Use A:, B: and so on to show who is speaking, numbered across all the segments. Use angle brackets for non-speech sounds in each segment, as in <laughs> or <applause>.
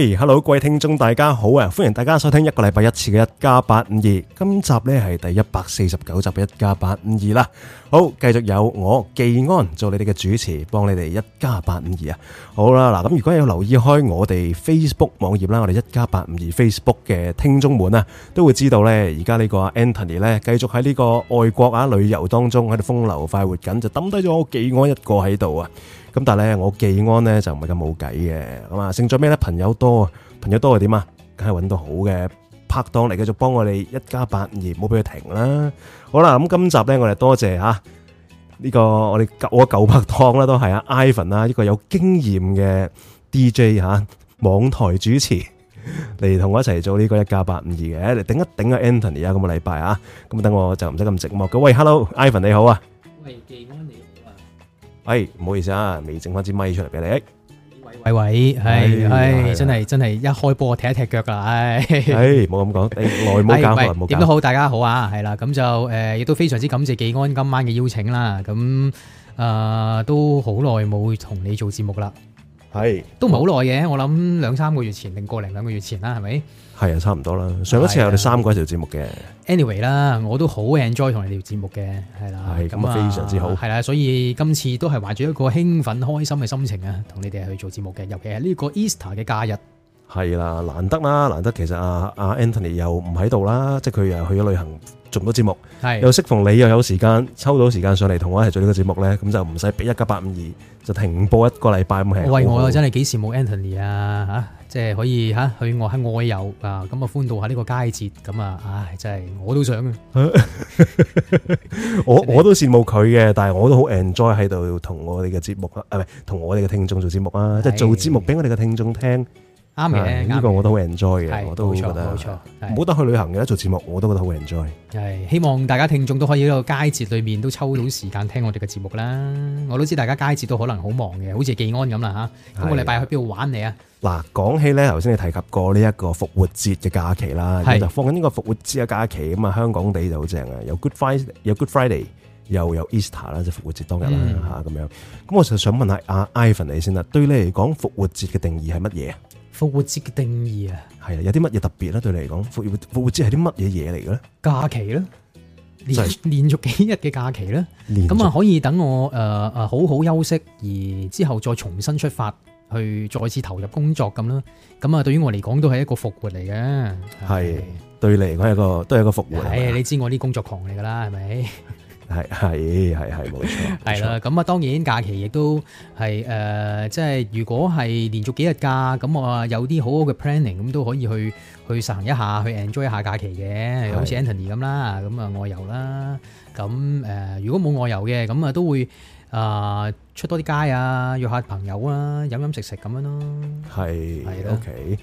A: Hey, hello，各位聽眾大家好啊！歡迎大家收聽一個禮拜一次嘅一加八五二，今集呢係第一百四十九集嘅一加八五二啦。好，繼續有我技安做你哋嘅主持，幫你哋一加八五二啊。好啦，嗱咁，如果有留意開我哋 Facebook 網頁啦，我哋一加八五二 Facebook 嘅聽眾們啊，都會知道呢。而家呢個 Anthony 呢，繼續喺呢個外國啊旅遊當中喺度風流快活緊，就抌低咗我技安一個喺度啊。咁但係咧，我技安咧就唔係咁冇計嘅，咁啊，勝在咩咧？朋友多，朋友多係點啊？梗係搵到好嘅拍檔嚟，繼續幫我哋一加八五二，唔好俾佢停啦！好啦，咁今集咧，我哋多謝吓呢個我哋舊我舊拍檔啦，都係阿 Ivan 啦，一個有經驗嘅 DJ、吓，網台主持嚟同我一齊做呢個一加八五二嘅，嚟頂一頂阿 Anthony 啊，今個禮拜啊，咁啊，等我就唔使咁寂寞嘅。喂，Hello，Ivan 你好啊。係，唔好意思啊，未整翻支咪出嚟俾你。喂喂，係係，真係真係
B: 一開波踢一踢腳噶啦。唉，唔好咁講，耐冇見，點都好，大家好啊，係啦，咁就誒，亦都非常之感謝技安今晚嘅邀請啦。咁誒，都好耐冇同你做節目啦。係，都唔係好耐嘅，我諗兩三個月前定個零兩個月前啦，係咪？
A: 係啊，差唔多啦。上一次係我哋三個一齊做節目嘅。
B: Anyway 啦，我都好 enjoy 同你哋做節目嘅，係啦。係咁啊，非常之好。係啦，所以今次都係懷住一個興奮、開心嘅心情啊，同你哋去做節目嘅。尤其係呢個 Easter 嘅假日。
A: 係啦，難得啦，難得。其實阿阿 Anthony 又唔喺度啦，即係佢又去咗旅行做唔到節目。係又適逢你又有時間抽到時間上嚟同我一齊做呢個節目咧，咁就唔使俾一家852就停播一個禮拜咁係。喂我真
B: 係幾羨慕 Anthony 啊嚇！即係可以嚇去外喺外遊啊！咁啊，歡度下呢個佳節咁啊！唉，真係我都想啊！
A: 我我都羨慕佢嘅，但係我都好 enjoy 喺度同我哋嘅節目啊！啊，唔係同我哋嘅聽眾做節目啊！即係做節目俾我哋嘅聽眾聽。啱呢，呢個我都好 enjoy 嘅，我都覺得冇得去旅行嘅。做節目我都覺得好 enjoy。係希望大家
B: 聽眾都可以喺個佳節裏面都抽到時間聽我哋嘅節目啦。我都知大家佳節都可能好忙嘅，好似技安咁啦吓。一，今個禮拜去邊度玩你啊？
A: 嗱，講起咧，頭先你提及過呢一個復活節嘅假期啦，就放緊呢個復活節嘅假期咁啊。香港地就好正啊，有 Good Fri 有 Good Friday，又有 Easter 啦，就復活節當日啦吓咁樣。咁我就想問下阿 Ivan 你先啦，對你嚟講復活節嘅定義係乜嘢？
B: 復活節嘅定義啊，係
A: 啊，有啲乜嘢特別咧？對你嚟講，復活復活節係啲乜嘢嘢嚟嘅咧？假期啦，連
B: 連續幾日嘅假期啦，咁啊可以等我誒誒好好休息，而之後再重新出發，去再次投入工作咁啦。咁啊，對於我嚟講都係一個復活嚟嘅，
A: 係對你嚟講係個都係一個復活。
B: 你知我啲工作狂嚟噶啦，係咪？ <laughs>
A: 係係係係冇
B: 錯，係啦。咁啊，當然假期亦都係誒，即係如果係連續幾日假，咁我有啲好好嘅 planning，咁都可以去去實行一下，去 enjoy 一下假期嘅。好似 Anthony 咁啦，咁啊外遊啦。咁誒，如果冇外遊嘅，咁啊都會啊出多啲街啊，約下朋友啊，飲飲食食咁樣咯。
A: 係，係 OK。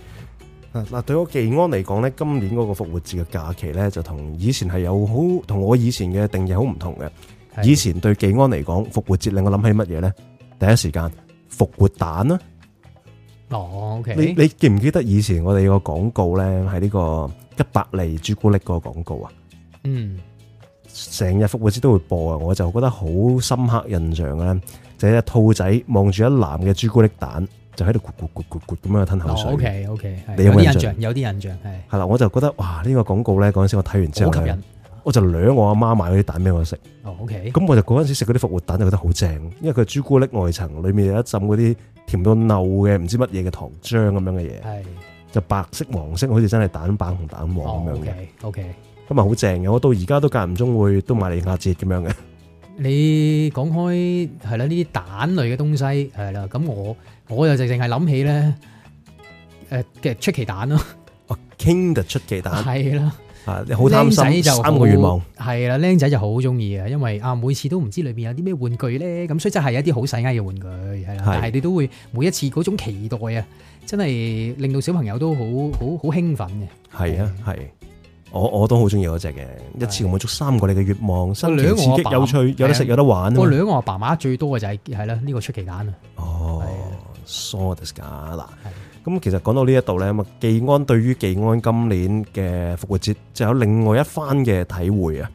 A: 嗱，對我技安嚟講咧，今年嗰個復活節嘅假期咧，就同以前係有好，同我以前嘅定義好唔同嘅。以前對技安嚟講，復活節令我諗起乜嘢咧？第一時間復活蛋啦。哦、
B: okay、你你
A: 記唔記得以前我哋個廣告咧，喺呢個吉百利朱古力嗰個廣告啊？嗯，成日復活節都會播啊，我就覺得好深刻印象咧，就係、是、隻兔仔望住一籃嘅朱古力蛋。就喺度咕咕咕咕咕咁樣吞口水。O K O K，有冇印象？有啲印象，係。係啦，我就覺得哇！呢個廣告咧，嗰陣時我睇完之後，我，吸引我就掠我阿媽，媽買嗰啲蛋俾我食。哦，O K。咁、okay、我就嗰陣時食嗰啲復活蛋，就覺得好正，因為佢朱古力外層，裡面有一浸嗰啲甜到漏嘅唔知乜嘢嘅糖漿咁樣嘅嘢。係。就白色、黃色，好似真係蛋白同蛋黃咁樣嘅。O、哦、K。咁、okay, 啊、okay，好正嘅，我到而家都間唔中會都買嚟應節咁樣嘅。
B: 你講開係啦，呢啲蛋類嘅東西係啦，咁我。我又就淨係諗起咧，誒、呃、嘅出奇蛋咯 King 嘅出奇蛋係啦，啊你好貪心就三個願望係啦，僆仔就好中意嘅，因為啊每次都唔知道裏邊有啲咩玩具咧，咁所以真係一啲好細嘅玩具係啦，但係你都會每一次嗰種期待啊，真係令到小朋友都好好好興奮嘅。
A: 係啊係，我我都好中意嗰隻嘅，一次滿足三個你嘅願望，新奇刺激有趣，有得食有得玩。我兩個娘我
B: 爸爸最多嘅就係係啦，呢、這個出奇蛋啊。
A: shortest 噶啦，咁其實講到呢一度咧，咁啊，技安對於技安今年嘅復活節就有另外一番嘅體會啊，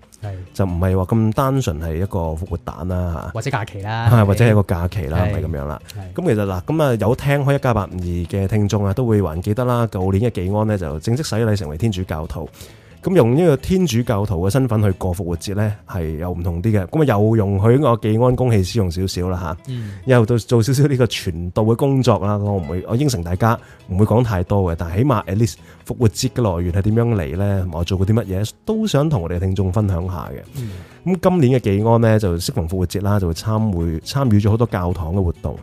A: 就唔係話咁單純係一個復活蛋啦吓，
B: 或者假期啦，或者係一個假期啦，係咁
A: 樣啦。咁其實嗱，咁啊有聽開一家八五二嘅聽眾啊，都會還記得啦，舊年嘅技安咧就正式洗禮成為天主教徒。咁用呢個天主教徒嘅身份去過復活節咧，係有唔同啲嘅。咁啊，又容許我技安公器使用少少啦嚇。嗯。又做做少少呢個傳道嘅工作啦。我唔會我應承大家，唔會講太多嘅。但係起碼 at least，復活節嘅來源係點樣嚟咧？同埋我做過啲乜嘢，都想同我哋嘅聽眾分享下嘅。嗯。咁今年嘅技安呢，就適逢復活節啦，就參會參與咗好多教堂嘅活動。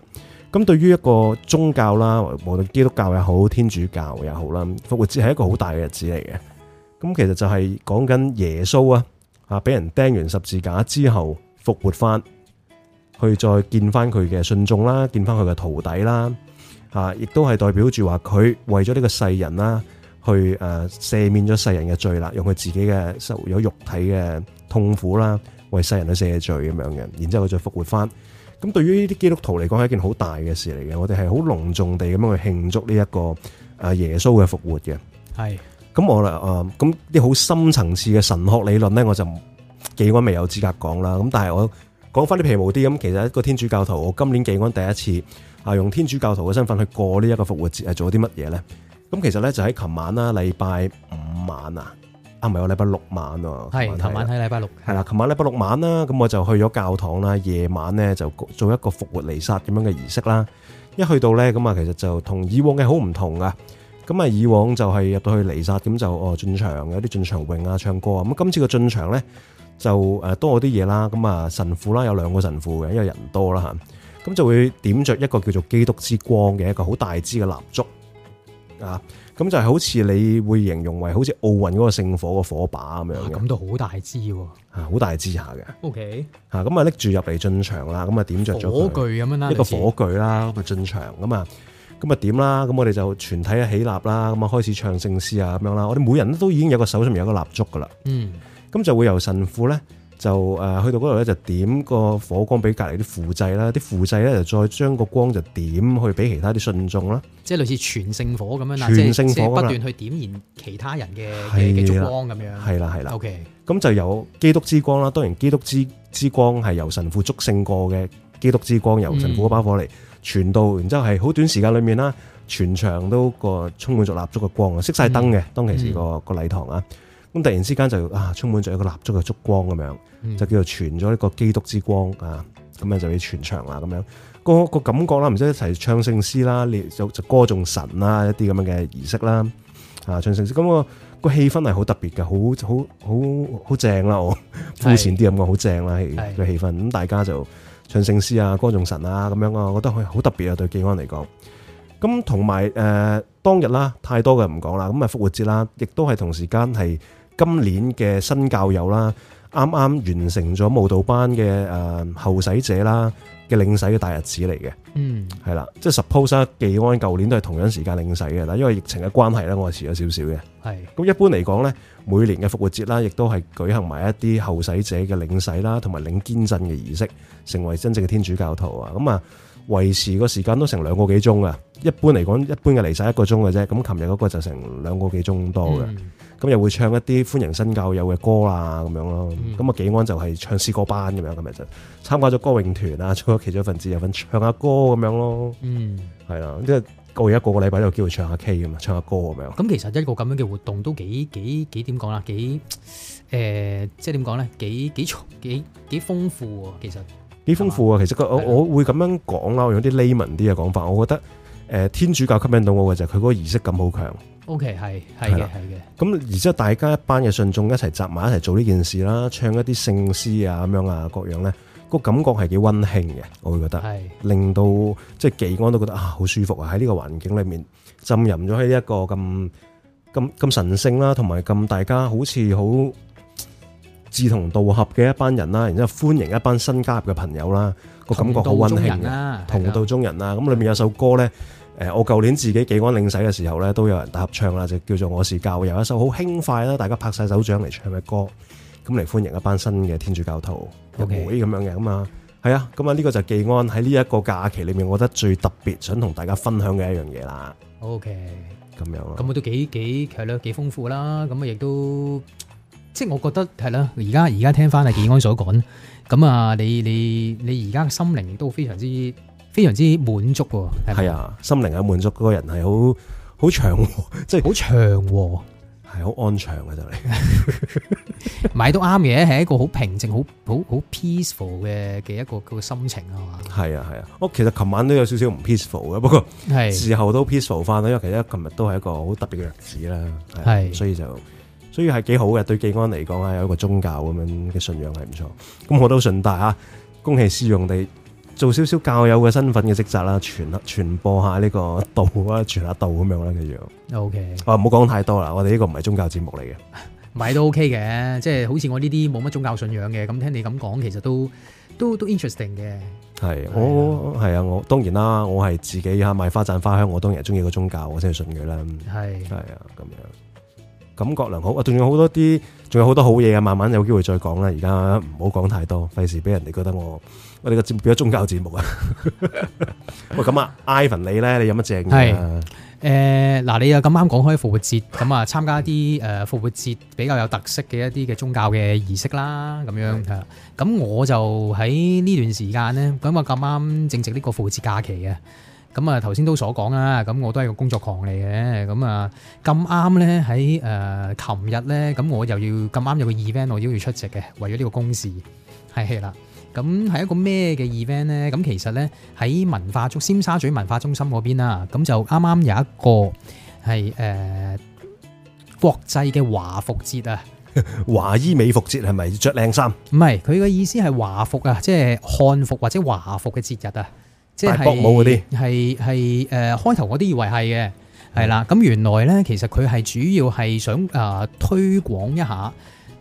A: 咁對於一個宗教啦，無論基督教也好，天主教也好啦，復活節係一個好大嘅日子嚟嘅。咁其實就係講緊耶穌啊，啊俾人釘完十字架之後復活翻，去再見翻佢嘅信眾啦，見翻佢嘅徒弟啦，啊亦都係代表住話佢為咗呢個世人啦，去誒赦免咗世人嘅罪啦，用佢自己嘅受有肉體嘅痛苦啦，為世人去赦罪咁樣嘅，然之後佢再復活翻。咁對於呢啲基督徒嚟講係一件好大嘅事嚟嘅，我哋係好隆重地咁樣去慶祝呢一個誒耶穌嘅復活嘅，係。咁我啦，啊，咁啲好深層次嘅神學理論咧，我就技安未有資格講啦。咁但係我講翻啲皮毛啲咁，其實一個天主教徒，我今年技安第一次啊，用天主教徒嘅身份去過復呢一個復活節，係做啲乜嘢咧？咁其實咧就喺琴晚啦，禮拜五晚啊，啊唔係我禮拜六晚啊，係琴晚喺禮拜六，係啦，琴晚禮拜六晚啦，咁我就去咗教堂啦，夜晚咧就做一個復活彌撒咁樣嘅儀式啦。一去到咧，咁啊，其實就同以往嘅好唔同啊咁啊，以往就係入到去彌撒，咁就哦進場有啲進場詠啊、唱歌啊。咁今次個進場咧就誒多咗啲嘢啦。咁啊神父啦，有兩個神父嘅，因為人多啦嚇。咁就會點着一個叫做基督之光嘅一個好大支嘅蠟燭啊。咁就係好似你會形容為好似奧運嗰個聖火個火把咁、啊、樣嘅。咁都好大
B: 支喎、
A: 啊，好大支下嘅。O K 嚇，咁啊拎住入嚟進場啦，咁啊點着咗火炬咁樣啦，一個火炬啦，咁啊進場噶嘛。咁啊點啦？咁我哋就全體起立啦，咁啊開始唱聖詩啊咁樣啦。我哋每人都已經有個手上面有個蠟燭噶啦。嗯，咁就會由神父咧就去、呃、到嗰度咧就點個火光俾隔離啲副祭啦，啲副祭咧就再將個光就點去俾其他啲信眾啦。
B: 即係類似全聖火咁樣啦，即係不斷去點燃其他人嘅燭光咁樣。係啦，係啦。O K。
A: 咁就有基督之光啦。當然，基督之之光係由神父祝聖過嘅基督之光，由神父嗰包火嚟。嗯傳到，然之後係好短時間裏面啦，全場都個充滿咗蠟燭嘅光啊，熄晒燈嘅當其時個個禮堂啊，咁、嗯、突然之間就啊充滿咗一個蠟燭嘅燭光咁樣，就叫做傳咗一個基督之光啊，咁、嗯、樣就俾全場啦咁樣、嗰個感覺啦，唔知一齊唱聖詩啦，就就歌頌神啦，一啲咁樣嘅儀式啦，啊唱聖詩，咁、嗰個個氣氛係好特別嘅，好好好好正啦，我膚淺啲咁講好正啦嘅氣氛，咁大家就。唱聖詩啊，歌頌神啊，咁樣啊，我覺得佢好特別啊，對技安嚟講。咁同埋誒當日啦、啊，太多嘅唔講啦。咁啊復活節啦、啊，亦都係同時間係今年嘅新教友啦、啊，啱啱完成咗舞蹈班嘅誒、呃、後使者啦、啊。嘅領洗嘅大日子嚟嘅，嗯，係啦，即係 suppose 啊，技安舊年都係同樣時間領洗嘅，但因為疫情嘅關係咧，我係遲咗少少嘅。係，咁一般嚟講咧，每年嘅復活節啦，亦都係舉行埋一啲候洗者嘅領洗啦，同埋領堅振嘅儀式，成為真正嘅天主教徒啊，咁啊。維持個時間都成兩個幾鐘啊！一般嚟講，一般嘅嚟晒一個鐘嘅啫。咁琴日嗰個就成兩個幾鐘多嘅，咁、嗯、又會唱一啲歡迎新教友嘅歌啦，咁樣咯。咁、嗯、啊，技安就係唱詩歌班咁樣咁啊，就參加咗歌詠團啊，出咗其中一份子，有份唱下歌咁樣咯。嗯，係啦，即係我而家個個禮拜都有機會唱下 K 咁嘛，唱下歌咁樣。咁、嗯、其實
B: 一個咁樣嘅活動都幾幾幾點講啦？幾誒，即係點講咧？幾幾幾幾豐富，其實。
A: 幾豐富啊！其實個我我會咁樣講啦，用啲 layman 啲嘅講法，我覺得誒，天主教吸引到我嘅就係佢嗰個儀式感好強。
B: OK 係係嘅係嘅。
A: 咁而之後大家一班嘅信眾一齊集埋一齊做呢件事啦，唱一啲聖詩啊咁樣啊各樣咧，個感覺係幾温馨嘅。我會覺得令到即係技安都覺得啊好舒服啊！喺呢個環境裏面浸淫咗喺呢一個咁咁咁神聖啦，同埋咁大家好似好。志同道合嘅一班人啦，然之後歡迎一班新加入嘅朋友啦，個感覺好溫馨啊！同道中人啦，咁裏面有首歌咧，誒，我舊年自己技安領洗嘅時候咧，都有人大合唱啦，就叫做《我是教友》，一首好輕快啦，大家拍曬手掌嚟唱嘅歌，咁嚟歡迎一班新嘅天主教徒會咁樣嘅嘛，係啊，咁啊呢個就技安喺呢一個假期裏面，我覺得最特別想同大家分享嘅一樣嘢啦。OK，咁樣咯，咁
B: 我都幾幾強烈幾豐富啦，咁啊亦都。即係我覺得係啦，而
A: 家而家聽翻係
B: 技安所講，咁啊，你你你而家嘅心靈都非常之非常之
A: 滿足喎。係啊，心靈係滿足，個人係好好祥和，即係好祥和，係好安詳嘅就嚟。
B: 買到啱嘢，係一個好平靜、好好好 peaceful 嘅嘅一個一個一個心情啊嘛。
A: 係啊係啊，我其實琴晚都有少少唔 peaceful 嘅，不過事後都 peaceful 翻啦。因為其實琴日都係一個好特別嘅日子啦，係，所以就。所以係幾好嘅，對技安嚟講啊，有一個宗教咁樣嘅信仰係唔錯。咁我都順帶啊，公器私用地做少少教友嘅身份嘅職責啦，傳傳播一下呢個道啊，傳下道咁樣啦，佢就 O K。啊，唔好講太多啦，我哋呢個唔係宗教節目嚟
B: 嘅，咪都 O K 嘅。即係好似我呢啲冇乜宗教信仰嘅，咁聽你咁講，其實都都都 interesting 嘅。
A: 係我係啊，啊，我當然啦，我係自己吓賣花讚花香，我當然係中意個宗教，我先去信佢啦。係係啊，咁樣。感覺良好，我仲有好多啲，仲有好多好嘢啊！慢慢有機會再講啦，而家唔好講太多，費事俾人哋覺得我喂，你個節目變咗宗教節目啊！喂，咁 <laughs> 啊、哎、Ivan 你咧，你有乜正嘢
B: 啊？嗱、呃，你又咁啱講開復活節，咁啊參加啲誒復活節比較有特色嘅一啲嘅宗教嘅儀式啦，咁樣係咁我就喺呢段時間咧，咁啊咁啱正值呢個復活節假期嘅。咁啊，頭先都所講啦，咁我都係個工作狂嚟嘅，咁啊咁啱咧喺誒琴日咧，咁我又要咁啱有個 event 我要出席嘅，為咗呢個公事，係、係啦。咁係一個咩嘅 event 咧？咁其實咧喺文化中，尖沙咀文化中心嗰邊啦，咁就啱啱有一個係誒、呃、國際嘅華服節啊，
A: 華衣美服節係咪着靚衫？
B: 唔係，佢嘅意思係華服啊，即係漢服或者華服嘅節日啊。
A: 即係博舞嗰啲，
B: 係係誒開頭嗰啲以為係嘅，係、嗯、啦。咁原來咧，其實佢係主要係想誒、呃、推廣一下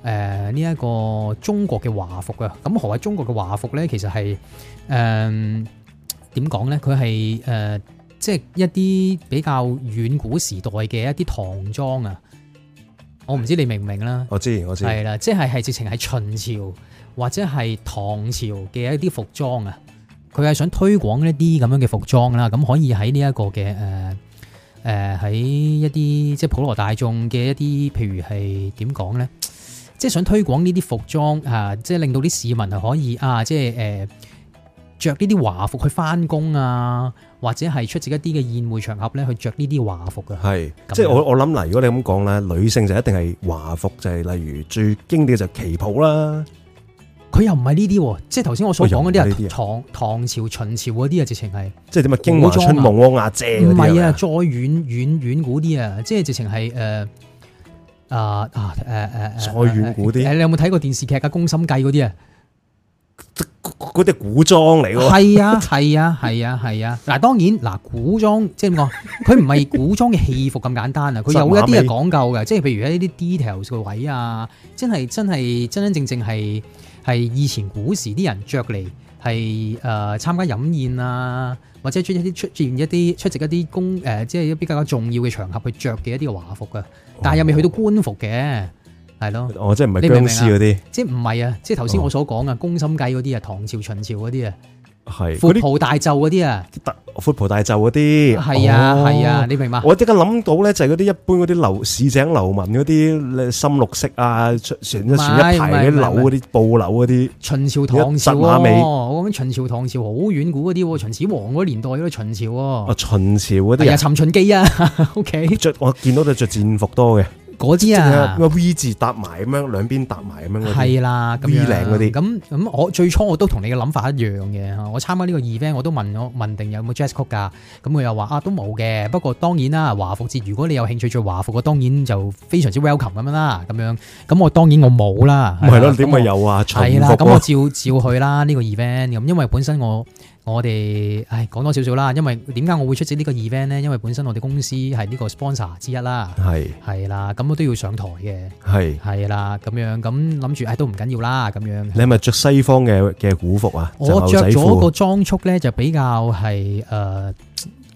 B: 誒呢一個中國嘅華服噶。咁、嗯、何謂中國嘅華服咧？其實係誒點講咧？佢係誒即係一啲比較遠古時代嘅一啲唐裝啊。我唔知你明唔明啦。
A: 我知我知，係啦，
B: 即係係直情係秦朝或者係唐朝嘅一啲服裝啊。佢係想推廣一啲咁樣嘅服裝啦，咁可以喺呢一個嘅誒誒喺一啲即係普羅大眾嘅一啲，譬如係點講咧？即係想推廣呢啲服裝啊，即係令到啲市民係可以啊，即係誒着呢啲華服去翻工啊，或者係出席一啲嘅宴會場合咧，去着呢啲華服嘅。係，
A: 即係我我諗嗱，如果你咁講咧，女性就一定係華服，就係、是、例如最經典嘅就係旗袍啦。佢又唔係呢啲，即係頭先我所講嗰啲啊，唐唐朝、秦朝嗰啲啊，直情係即係點啊？《京華春夢》阿姐，唔係啊，
B: 再遠遠遠古啲啊，即係直情係誒啊啊啊，誒、呃呃、再遠古啲你有冇睇過電視劇噶《宮心計》嗰啲
A: 啊？嗰啲、啊啊啊啊啊、古裝嚟喎，係啊
B: 係啊係啊係啊！嗱當然嗱古裝即係點講？佢唔係古裝嘅戲服咁簡單啊！佢有一啲係講究嘅，即係譬如喺呢啲 details 嘅位啊，真係真係真真正正係。係以前古時啲人着嚟，係誒參加飲宴啊，或者出現一啲出現一啲出席一啲公誒，即係比較重要嘅場合去着嘅一啲華服噶、哦，但係又未去到官服嘅，係、哦、咯？我即係唔係僵屍嗰啲？即係唔係啊？即係頭先我所講啊，宮心計嗰啲啊，唐朝、秦朝嗰啲啊。係闊袍大袖嗰啲啊，
A: 闊袍大袖嗰啲，係啊係、哦、啊，你明白嗎？我即刻諗到咧，就係嗰啲一般嗰啲流市井流民嗰啲深綠色啊，全一全一排啲樓嗰啲布樓嗰啲。秦朝，朝、啊、唐朝哦，我講
B: 秦朝、唐朝好遠古嗰啲，秦始皇嗰年代嗰啲秦朝啊。
A: 啊，秦朝嗰啲人尋秦記啊，OK。著 <laughs> 我見到就着戰服多嘅。嗰支啊，個 V 字搭埋咁樣，兩邊搭埋咁樣嗰啲，係啦咁嗰啲。咁
B: 咁我最初我都同你嘅諗法一樣嘅。我參加呢個 event，我都問我問定有冇 dress code 噶。咁佢又話啊，都冇嘅。不過當然啦，華服節如果你有興趣做華服，我當然就非常之 welcome 咁樣啦。咁樣咁我當然我冇啦。唔係咯，你點會有啊？係啦，咁我，、啊、我照照去啦。呢個 event 咁，因為本身我。我哋唉講多少少啦，因為點解我會出席這個呢個 event 咧？因為本身我哋公司係呢個 sponsor 之一啦，係係啦，咁我都要上台嘅，係係啦咁樣，咁諗住唉都唔緊要啦，咁樣。
A: 你係咪着西方嘅嘅古服啊？我着咗個
B: 裝束咧，就比較係誒。呃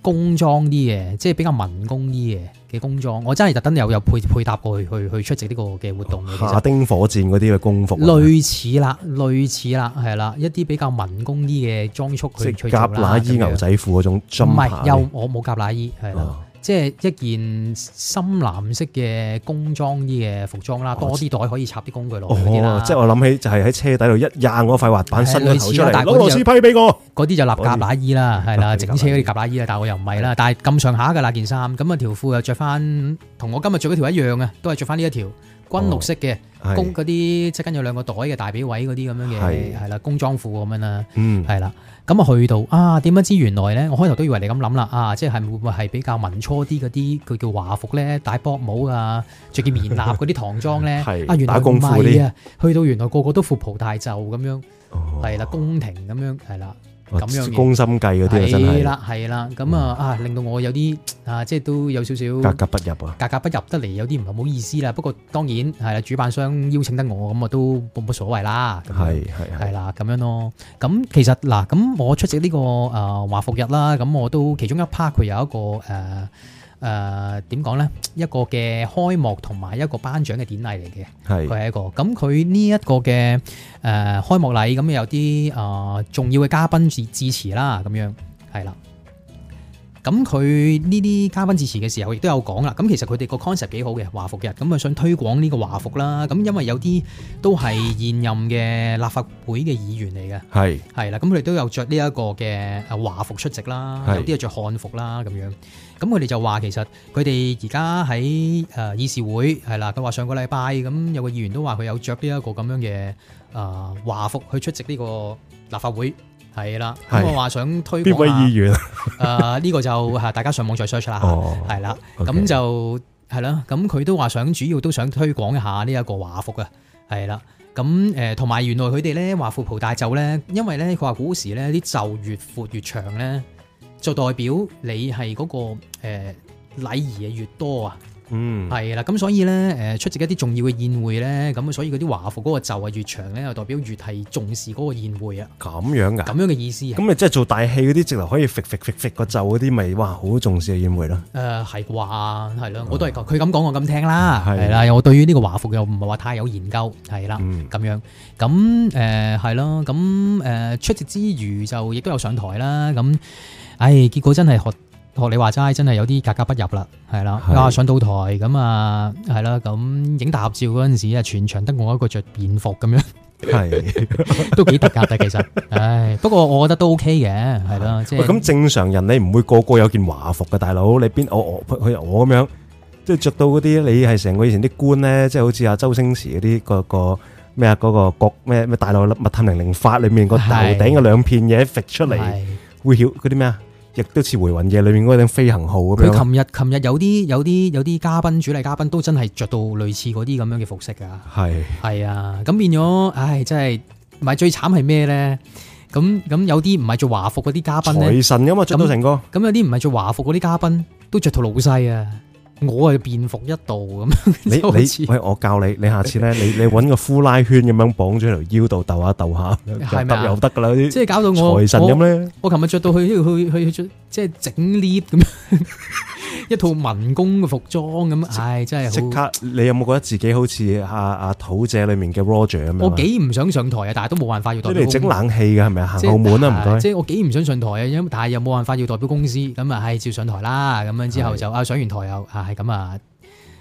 B: 工裝啲嘅，即係比較民工啲嘅嘅工裝，我真係特登有有配配搭過去去去出席呢個嘅活動嘅。夏
A: 丁火箭嗰啲嘅工服，類
B: 似啦，類似啦，係啦，一啲比較民工啲嘅裝束去出席，即係夾乸衣牛仔褲嗰種，唔係樣，又我冇夾乸衣，係啦。哦即係一件深藍色嘅工裝衣嘅服裝啦，多啲袋可以插啲工具落去啲啦、哦哦。即係
A: 我諗起就係喺車底度一掗嗰塊滑板伸個頭出嚟。攞螺絲批
B: 俾我，嗰啲就立夾喇衣啦，係啦，整車嗰啲夾喇衣啦。但係我又唔係啦。但係咁上下嘅那件衫，咁啊，條褲又着翻同我今日着嗰條一樣啊，都係着翻呢一條軍綠色嘅工嗰啲，即跟有兩個袋嘅大髀位嗰啲咁樣嘅，係啦，工裝褲咁樣啦，嗯係啦。咁啊去到啊，點樣知原來咧？我開頭都以為你咁諗啦，啊，即係會唔會係比較民初啲嗰啲佢叫華服咧，戴薄帽啊，着件棉衲嗰啲唐裝咧？啊，原來唔係啊！去到原來個個都闊袍大袖咁樣係啦，宮、哦、廷咁樣係啦。咁樣、哦、攻心計嗰啲係啦係啦，咁、嗯、啊啊令到我有啲啊即係都有少少格格不入啊，格格不入得嚟有啲唔係好意思啦。不過當然係啦，主辦商邀請得我咁我都冇乜所謂啦。係係係啦，咁樣咯。咁其實嗱，咁、啊、我出席呢、這個啊華服日啦，咁我都其中一 part 佢有一個誒。呃誒點講咧？一個嘅開幕同埋一個頒獎嘅典禮嚟嘅，佢係一個咁佢呢一個嘅誒、呃、開幕禮咁有啲誒、呃、重要嘅嘉賓致致辭啦，咁樣係啦。咁佢呢啲嘉賓致辭嘅時候，亦都有講啦。咁其實佢哋個 concept 幾好嘅華服嘅。咁啊想推廣呢個華服啦。咁因為有啲都係現任嘅立法會嘅議員嚟嘅，係係啦。咁佢哋都有着呢一個嘅啊華服出席啦，有啲係着漢服啦咁樣。咁佢哋就話其實佢哋而家喺誒議事會係啦。佢話上個禮拜咁有個議員都話佢有着呢一個咁樣嘅啊華服去出席呢個立法會。係啦，咁我話想推廣啊。位議員？誒、呃、呢、這個就吓大家上網再 search 啦。係、哦、啦、咁、okay。就係啦。咁佢都話想，主要都想推廣一下呢一個華服嘅。係啦，咁誒、同、呃、埋原來佢哋咧，話富袍大袖咧，因為咧佢話古時咧啲袖越闊越長咧，就代表你係嗰、那個誒禮儀嘅越多啊。嗯，係啦，咁所以咧，誒，出席一啲重要嘅宴會咧，咁所以嗰啲華服嗰個袖啊越長咧，又代表越係重視嗰個宴會啊。
A: 咁樣噶？咁樣嘅意思。咁咪即係做大戲嗰啲，直頭可以揈揈揈揈個袖嗰啲，咪哇好重視嘅宴會咯。
B: 誒、呃，係啩，係咯，我都係佢咁講，我咁聽啦。係啦，我對於呢個華服又唔係話太有研究，係啦，咁、嗯、樣。咁誒係咯，咁、呃、誒出席之餘就亦都有上台啦。咁，唉、哎，結果真係學。學你話齋，真係有啲格格不入啦，係啦，啊上舞台咁啊，係啦，咁影大合照嗰陣時啊，全場得我一個著便服咁樣，係都幾獨特嘅其實。唉，不過我覺得都 OK 嘅，係啦，即係咁
A: 正常人你唔會個個有件華服嘅大佬，你邊我我佢我咁樣，即係著到嗰啲你係成個以前啲官咧，即係好似阿周星馳嗰啲個個咩啊嗰個國咩咩大內密探零零發裏面個頭頂嘅兩片嘢甩出嚟，會曉嗰啲咩啊？亦都似回魂夜裏面嗰頂飛行號咁。佢琴
B: 日琴日有啲有啲有啲嘉賓主禮嘉賓都真係着到類似嗰啲咁樣嘅服飾噶。係係啊，咁變咗，唉，真係，唔係最慘係咩咧？咁咁有啲唔係做華服嗰啲嘉賓財神噶嘛，着到成個。咁有啲唔係做華服嗰啲嘉賓都着套老細啊。我係便服一度咁
A: 樣， <laughs> 你你喂我教你，你下次咧，你你搵個呼拉圈咁樣綁咗條腰度斗下斗下，嗎又得又得噶啦，即係搞到我財神我
B: 我琴日着到去去去去即係整 lift 咁樣。 <laughs> 一套民工嘅服裝咁，唉、哎，真係即刻！
A: 你有冇覺得自己好似阿阿桃姐裏面嘅 Roger 咁？我幾唔想上台啊，但係都冇辦法要。你整冷氣嘅係咪行澳門啊，唔該。即係
B: 我幾唔想上台啊，但係又冇辦法要代表公司，咁啊，係照上台啦。咁樣之後就啊，上完台又啊，係咁啊，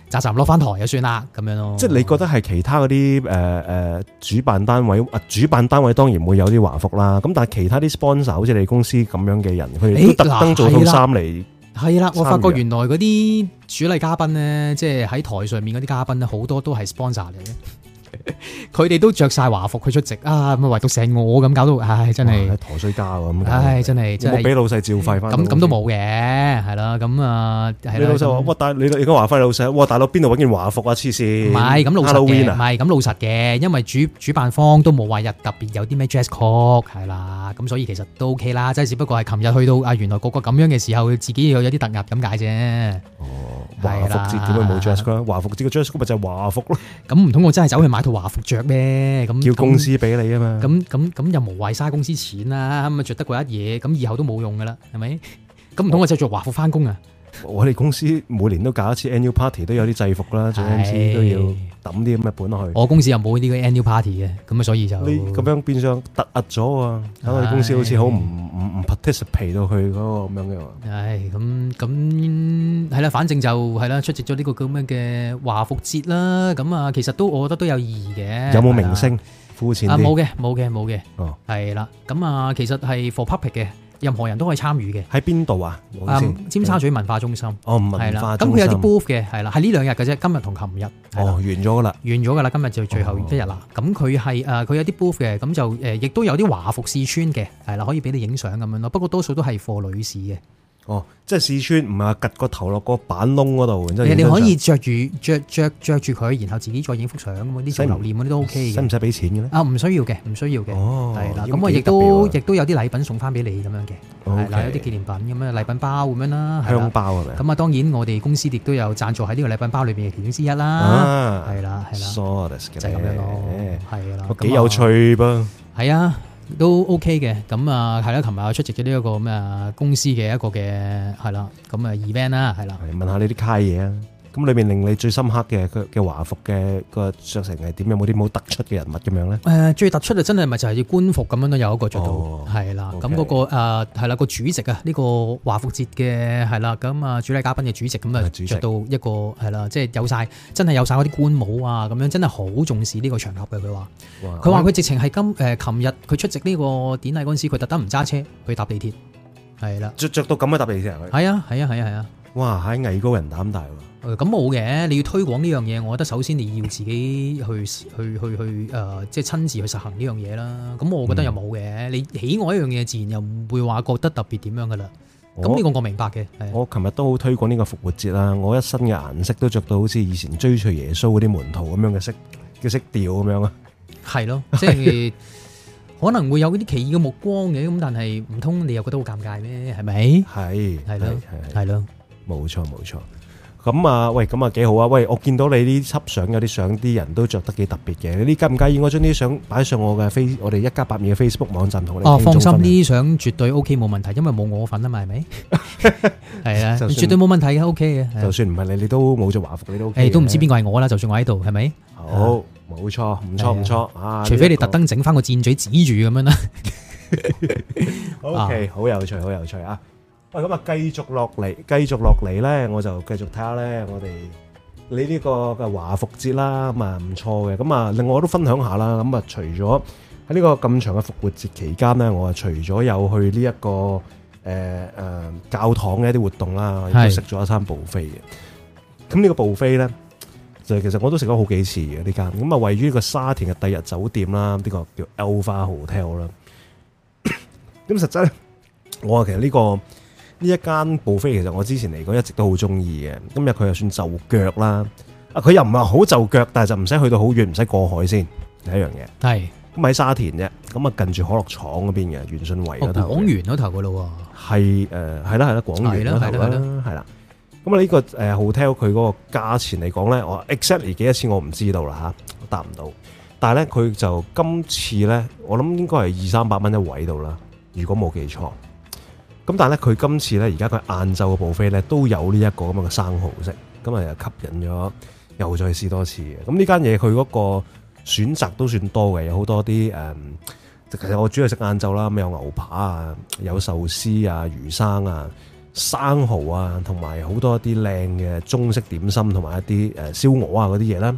B: 集集攞翻台就算啦，咁樣咯。即、就、係、是、你
A: 覺得係其他嗰啲誒誒主辦單位啊，主辦單位當然會有啲華服啦。咁但係其他啲 sponsor，好似你公司咁樣嘅人，佢、哎、哋都特登做套衫嚟。
B: 係啦，我發覺原來嗰啲主禮嘉賓呢，即係喺台上面嗰啲嘉賓呢，好多都係 sponsor 嚟嘅。佢 <laughs> 哋都着晒華服，佢出席啊，咪圍到成我咁，搞到唉，真係陀衰家咁。唉，真係我俾老細照肺翻咁，咁都冇嘅，係啦，咁啊，你老細話哇
A: 大，你你講華輝老細，大佬邊度搵件華服啊？黐線，唔係咁老，唔
B: 係咁老實嘅，因為主主辦方都冇話入特別有啲咩 dress code 係啦，咁所以其實都 ok 啦，即係只不過係琴日去到啊原來個咁樣嘅時候，自己有啲突兀咁解啫。華服節、呃、點解冇 dress code 華服節、這個、dress code 咪就係華服咯。咁唔通我真係走去買套？華服著咩？咁叫公司俾你啊嘛。咁咁咁又無謂嘥公司錢啦。咁啊著得嗰一嘢，咁以後都冇用噶啦，係咪？咁唔通我就著華服翻工啊？
A: 我哋公司每年都搞一次 annual party，都有啲制服啦，著公司都要。抌啲咁嘅本落去，我公司又冇呢個 annual party 嘅，咁啊，所以就你咁樣變相突壓咗啊！喺我哋公司好似好唔唔唔 participate 到去嗰個咁樣嘅。唉，咁咁係啦，反正
B: 就係啦，出席咗呢個咁樣嘅華服節啦，咁啊，其實都我覺得都有意義嘅。有冇明星？
A: 膚淺啲？啊冇嘅，
B: 冇嘅，冇嘅。哦，係啦，咁啊，其實係 for public 嘅。任何人都可以參與嘅，啊，喺邊度啊？尖沙咀文化中心。哦，文化中心。係啦，咁佢有啲 booth 嘅，係啦，係呢兩日嘅啫，今日同琴日。
A: 哦，完咗噶啦，
B: 完咗噶啦，今日就最後一日啦。咁佢係誒，佢有啲 booth 嘅，咁就誒，亦都有啲華服試穿嘅，係啦，可以俾你影相咁樣咯。不過多數都係貨女士嘅。
A: 哦，即係試穿，唔係夾個頭落個板窿嗰度。然之後你可以着住着
B: 着着住佢，然後自己再影幅相，咁啲留念嗰啲都 OK。使唔使俾錢嘅咧？啊，唔需要嘅，唔需要
A: 嘅。哦，係啦，咁、嗯、我亦都
B: 亦都有啲禮品送翻俾你咁樣嘅，係啦、okay，有啲紀念品咁樣，禮品包咁樣啦，香包係咪？咁啊，當然我哋公司亦都有贊助喺呢個禮品包裏面嘅其中之一啦，
A: 係啦係啦。So、就係咁樣咯，係啦。幾、yeah, 有趣噃？
B: 係啊。都 OK 嘅，咁啊係啦，琴日我出席咗呢、這個、一個咩公司嘅一個嘅係啦，咁啊 event 啦，係啦，
A: 問下呢啲卡嘢啊。咁裏面令你最深刻嘅，佢嘅華服嘅個着成係點？有冇啲冇突出嘅人物咁樣咧？誒，最突出啊，真
B: 係咪就係要官服咁樣都有一個着到係啦。咁嗰、okay 那個誒係啦，個、啊、主席啊、呢、這個華服節嘅係啦。咁啊，主禮嘉賓嘅主席咁啊，着到一個係啦，即係、就是、有晒，真係有晒嗰啲官帽啊，咁樣真係好重視呢個場合嘅。佢話佢話佢直情係今誒，琴日佢出席呢個典禮嗰陣時，佢特登唔揸車去，佢搭地鐵
A: 係啦，着着到咁樣搭地鐵啊！係啊係啊係啊係啊！哇！喺藝高人膽大喎、
B: 啊。咁冇嘅，你要推廣呢樣嘢，我覺得首先你要自己去去去去誒、呃，即係親自去實行呢樣嘢啦。咁我覺得又冇嘅、嗯，你喜愛一樣嘢，自然又唔會話覺得特別點樣噶啦。
A: 咁呢個我明白嘅。我琴日都好推廣呢個復活節啦，我一身嘅顏色都着到好似以前追隨耶穌嗰啲門徒咁樣嘅色嘅色調咁樣啊。係咯，即係
B: <laughs> 可能會有啲奇異嘅目光嘅，咁但係唔通你又覺得好尷尬咩？係咪？
A: 係係咯係咯。冇錯冇錯，咁啊喂，咁啊幾好啊！喂，我見到你呢輯相有啲相，啲人都着得幾特別嘅。你介唔介意我將啲相擺上我嘅 face，我哋一家852嘅 Facebook 網站同我哦。放心，呢
B: 相絕對 OK 冇問題，因為冇我份 <laughs> 啊嘛，係咪？係啊，絕對冇問題嘅，OK 嘅。就
A: 算唔係你，你都冇着華服，你都誒、OK 欸、都唔知邊
B: 個係我啦。就算我喺度，係咪？好，冇錯，
A: 唔錯唔錯啊！除非你特
B: 登整翻個箭嘴指住咁樣啦。
A: <laughs> <laughs> OK， <laughs> okay <laughs> 好，好有趣，好有趣啊！喂，咁啊，繼續落嚟，繼續落嚟咧，我就繼續睇下咧，我哋你呢個嘅華服節啦，咁啊唔錯嘅，咁啊，另外我都分享下啦。咁啊，除咗喺呢個咁長嘅復活節期間咧，我啊除咗有去呢、這、一個誒誒、呃呃、教堂嘅一啲活動啦，食咗一餐 buffet 嘅。咁呢個 buffet 呢，咧，就其實我都食咗好幾次嘅呢間。咁啊，位於呢個沙田嘅帝逸酒店啦，呢、這個叫 Alva Hotel 啦。咁實際咧，我啊其實呢、這個。呢一間 buffet 其實我之前嚟講一直都好中意嘅，今日佢又算就腳啦，啊佢又唔係好就腳，但係就唔使去到好遠，唔使過海先，第一樣嘢。係咁喺沙田啫，咁啊近住可樂廠嗰邊嘅元順圍嗰頭。廣園嗰頭嘅咯喎。係誒，係啦係啦，廣園啦，係啦係啦，咁啊呢個誒 hotel 佢嗰個價錢嚟講咧，我 exactly 幾多錢我唔知道啦，嚇我答唔到。但係咧佢就今次咧，我諗應該係二三百蚊一位度啦，如果冇記錯。咁但係咧，佢今次咧而家佢晏晝嘅 buffet 咧都有呢一個咁嘅生蠔食，咁啊吸引咗又再試多次嘅。咁呢間嘢佢嗰個選擇都算多嘅，有好多啲誒、嗯，其實我主要食晏晝啦，咁有牛扒啊，有壽司啊、魚生啊、生蠔啊，同埋好多啲靚嘅中式點心，同埋一啲誒燒鵝啊嗰啲嘢啦。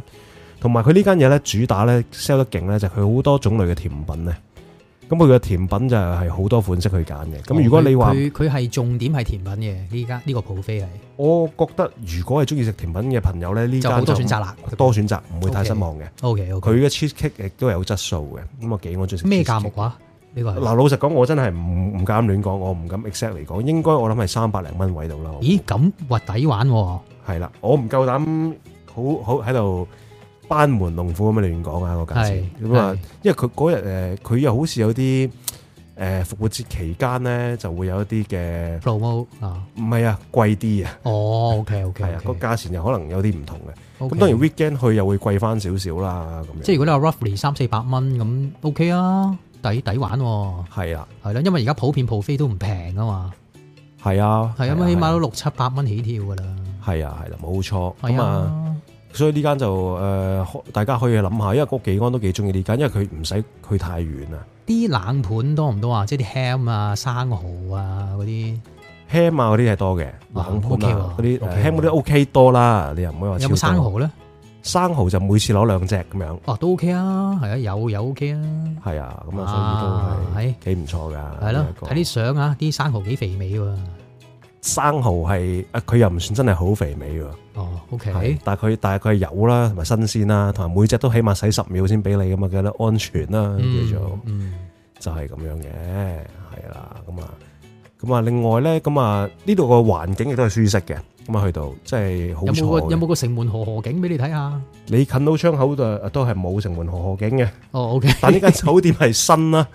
A: 同埋佢呢間嘢咧主打咧 sell 得勁咧，就係佢好多種類嘅甜品咧。咁佢嘅甜品就係好多款式去揀嘅。咁如果你話
B: 佢係重點係甜品嘅，呢家呢個普菲係。
A: 我覺得如果係中意食甜品嘅朋友咧，呢間就多選擇啦。多選擇唔會太失望嘅。O K O K。佢嘅 cheese cake 亦都係有質素嘅。咁啊幾我中意食咩價目話？
B: 呢個嗱老實
A: 講，我真係唔唔夠膽亂講，我唔敢 exactly 講。應該我諗係三百零蚊位度啦。咦？咁核抵玩喎。係啦，我唔夠膽好好喺度。好班門弄斧咁樣亂講，啊個價錢咁啊，因為佢嗰日佢又好似有啲誒、呃、復活節期間咧就會有一啲嘅 promo 啊，唔係啊貴啲啊，哦 OK OK 係，okay，啊個，okay，價錢又可能有啲唔同嘅，咁，okay，當然 weekend 去又會貴翻少少啦。咁
B: 即係如果你話 roughly 三四百蚊咁 OK 啊，抵抵玩喎。係啊，係啦，啊啊，因為而家普遍鋪飛都唔平啊嘛。
A: 係啊，係咁啊，啊啊因為起碼
B: 都六七百蚊起跳噶啦。
A: 係啊，係啦，冇錯咁啊。所以呢間就誒，大家可以諗下，因為郭技安都幾中意呢間，因為佢唔使去太遠啊。
B: 啲冷盤多唔多啊？即係啲 ham 啊、生蠔啊嗰啲
A: ham 啊嗰啲係多嘅，冷盤啊嗰啲 ham 嗰啲 OK 多啦。你又唔可以話有冇生蠔咧？生蠔就每次攞兩隻咁樣。哦，都 OK 啊，係啊，有有 OK 啊，係啊，咁啊，所以都係幾唔錯㗎。係咯，睇
B: 啲相啊，啲生蠔幾肥美喎。
A: 生蠔係啊，佢又唔算真係好肥美喎。哦，OK，但係佢但係佢係有啦，同埋新鮮啦，同埋每隻都起碼洗十秒先俾你咁啊，記得安全啦，叫做，就係咁樣嘅，係啦，咁啊，咁啊，另外咧，咁啊，呢度個環境亦都係舒適嘅，咁啊去到即係好有冇個有
B: 冇個城門河河景俾你睇下？
A: 你近到窗口度都係冇城門河河景嘅。哦，OK，但呢間酒店係新啦，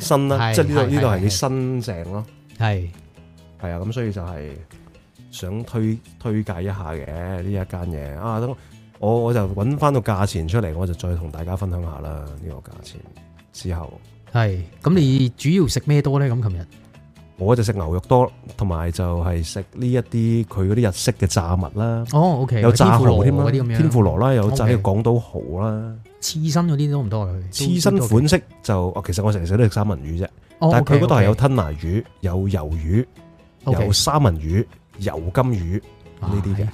A: 新啦，即係呢度呢度係啲新淨咯，係係啊，咁所以就係。想推推介一下嘅呢一間嘢啊！等我我就揾翻個價錢出嚟，我就再同大家分享一下啦。呢、呢個價錢之後係咁，係，咁你主要食咩多咧？咁琴日我就食牛肉多，同埋就係食呢一啲佢嗰啲日式嘅炸物啦。哦，OK，有炸蠔添啦，天婦羅啦，有炸嘅港島蠔啦、
B: okay。刺身嗰啲都唔多啊？刺身款
A: 式就，其實我成日食都食三文魚啫，哦、okay, okay, 但佢嗰度係有吞拿魚、有魷魚、okay, 有三文魚。油甘魚呢啲嘅，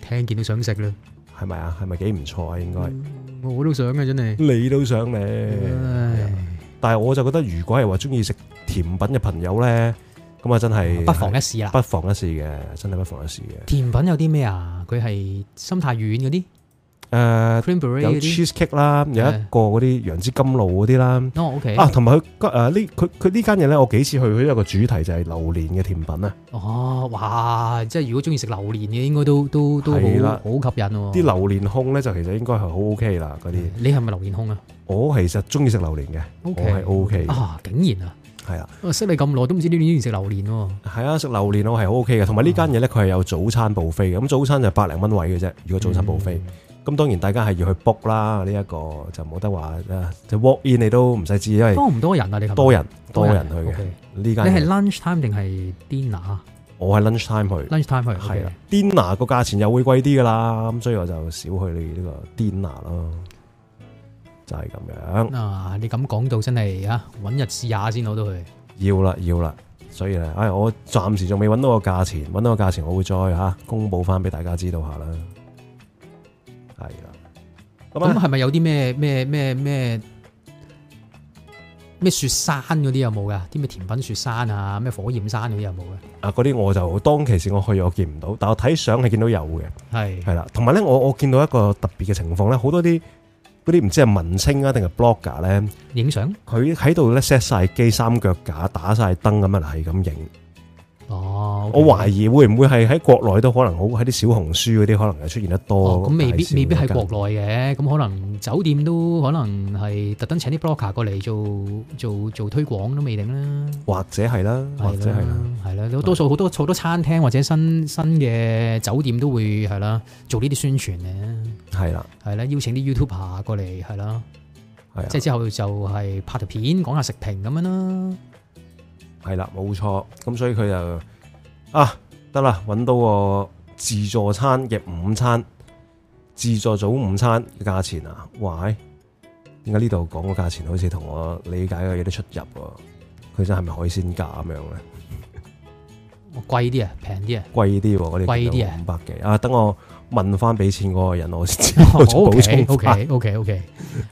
A: 聽見都想食啦，係咪啊？係咪幾唔錯啊？應該、嗯、我，我都想啊，真係你都想咩？但係我就覺得，如果係話中意食甜品嘅朋友咧，咁啊真係不妨一試啦，不妨一試嘅，真係不妨一試嘅。
B: 甜品有啲咩啊？佢係心太軟嗰啲。
A: 誒、呃、有 cheese cake 啦，有一個嗰啲楊枝甘露嗰啲啦。o、oh, K、okay。啊，同埋佢誒呢佢佢呢間嘢咧，我幾次去佢有一個主題就係榴蓮嘅甜品啊。哦，
B: 哇！即係如果中意食榴蓮嘅，應該都都都好，吸引喎、啊。啲
A: 榴蓮控咧就其實應該係好 O K 啦，嗰啲。你係咪榴蓮控啊？我其實中意食榴蓮嘅。O、okay、K、OK。啊，竟然啊！係啊！我識你咁耐都唔知你中意食榴蓮喎。係啊，食榴蓮我係好 O K 嘅，同埋呢間嘢咧佢係有早餐補飛嘅，咁、啊、早餐就百零蚊位嘅啫。如果早餐補飛。嗯咁當然大家係要去 book 啦，呢、這、一個就冇得話啊，就 walk in 你都唔使知，因為多唔多人啊你？你多人，多人去嘅呢、okay. 間。你係
B: lunch time 定係 dinner
A: 啊？我係 lunch time 去，lunch time 去係啦。Okay. dinner 個價錢又會貴啲噶啦，咁所以我就少去你呢個 dinner 咯，就係、是、咁樣。啊，你咁講到真係
B: 啊，揾日試下先攞到佢。
A: 要啦，要啦，所以咧，唉、哎，我暫時仲未揾到個價錢，揾到個價錢我會再嚇公布翻俾大家知道下啦。
B: 係啦、啊，咁係咪有啲咩咩咩咩咩雪山嗰啲有冇噶？啲咩甜品雪山啊，咩火焰山嗰啲有冇嘅？
A: 啊，嗰啲我就當其時我去，我見唔到，但我睇相係見到有嘅。係係啦，同埋咧，我我見到一個特別嘅情況咧，好多啲嗰啲唔知係文青啊，定係 Blogger 咧，影相佢喺度咧 set 晒機三腳架，打晒燈咁樣，係咁影。
B: 哦、oh, okay，我懷
A: 疑會唔會係喺國內都可能好喺啲小紅書嗰啲可能又出現得多，oh,。咁未必未必係國
B: 內嘅，咁可能酒店都可能係特登請啲 broker 過嚟做做做推廣都未定啦。
A: 或者係啦，啦，或者
B: 係啦，係啦。多數好多好多餐廳或者新新嘅酒店都會係啦，做呢啲宣傳嘅。係啦，係啦，啦，邀請啲 YouTuber 過嚟係啦，係即係之後就係拍條片
A: 講下食評咁樣啦。係啦，冇錯，咁所以佢就啊得啦，揾到個自助餐嘅午餐，自助早午餐嘅價錢啊，喂，點解呢度講個價錢好似同我理解嘅嘢都出入？佢真係咪海鮮價咁樣咧？貴啲啊，平啲啊？貴啲，貴啲啊，五百幾啊，等我。問翻俾錢嗰個人，我先知道補充 O K O
B: K O K，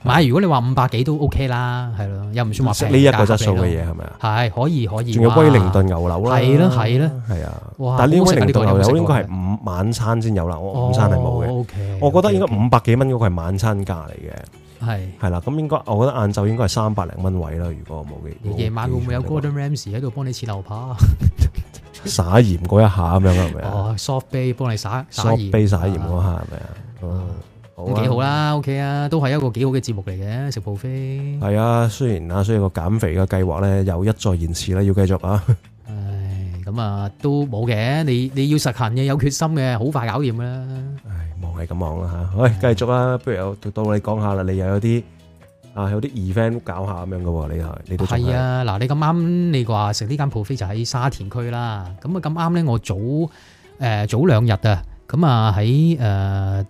B: 買如果你話五百幾都 O K 啦，係咯，又唔算話食呢一個質素嘅嘢係咪啊？
A: 係可以可以。仲有威靈頓牛柳啦，係啦係啦係啊！但呢威靈頓牛柳應該係午晚餐先有啦，午、哦、餐係冇嘅。O、okay, K，我覺得應該五百幾蚊嗰個係晚餐價嚟嘅。係係啦，咁應該我覺得晏晝應該係三百零蚊位啦。如果冇記錯，夜晚會唔會有 Gordon
B: Ramsay 喺度幫你切牛扒？ <laughs>
A: 撒鹽嗰一下咁樣係咪？哦
B: ，soft base 幫你撒撒鹽，撒鹽嗰
A: 下係咪啊？哦，
B: 都幾好啦，OK 啊，都係一個幾好嘅節目嚟嘅，食 buffet
A: 係啊。雖然啊，雖然個減肥嘅計劃咧又一再延遲啦，要繼續啊。唉，
B: 咁啊都冇嘅，你你要實行嘅，有決心嘅，好快搞掂噶啦。唉，
A: 望係咁望啦吓，喂，繼續啦，不如又到你講下啦，你又有啲。啊，有啲 event 搞下咁樣嘅喎，你係你都係。係啊，
B: 嗱，你咁啱，你話食呢間 buffet 就喺沙田區啦。咁啊，咁啱咧，我早誒早兩日啊，咁啊喺誒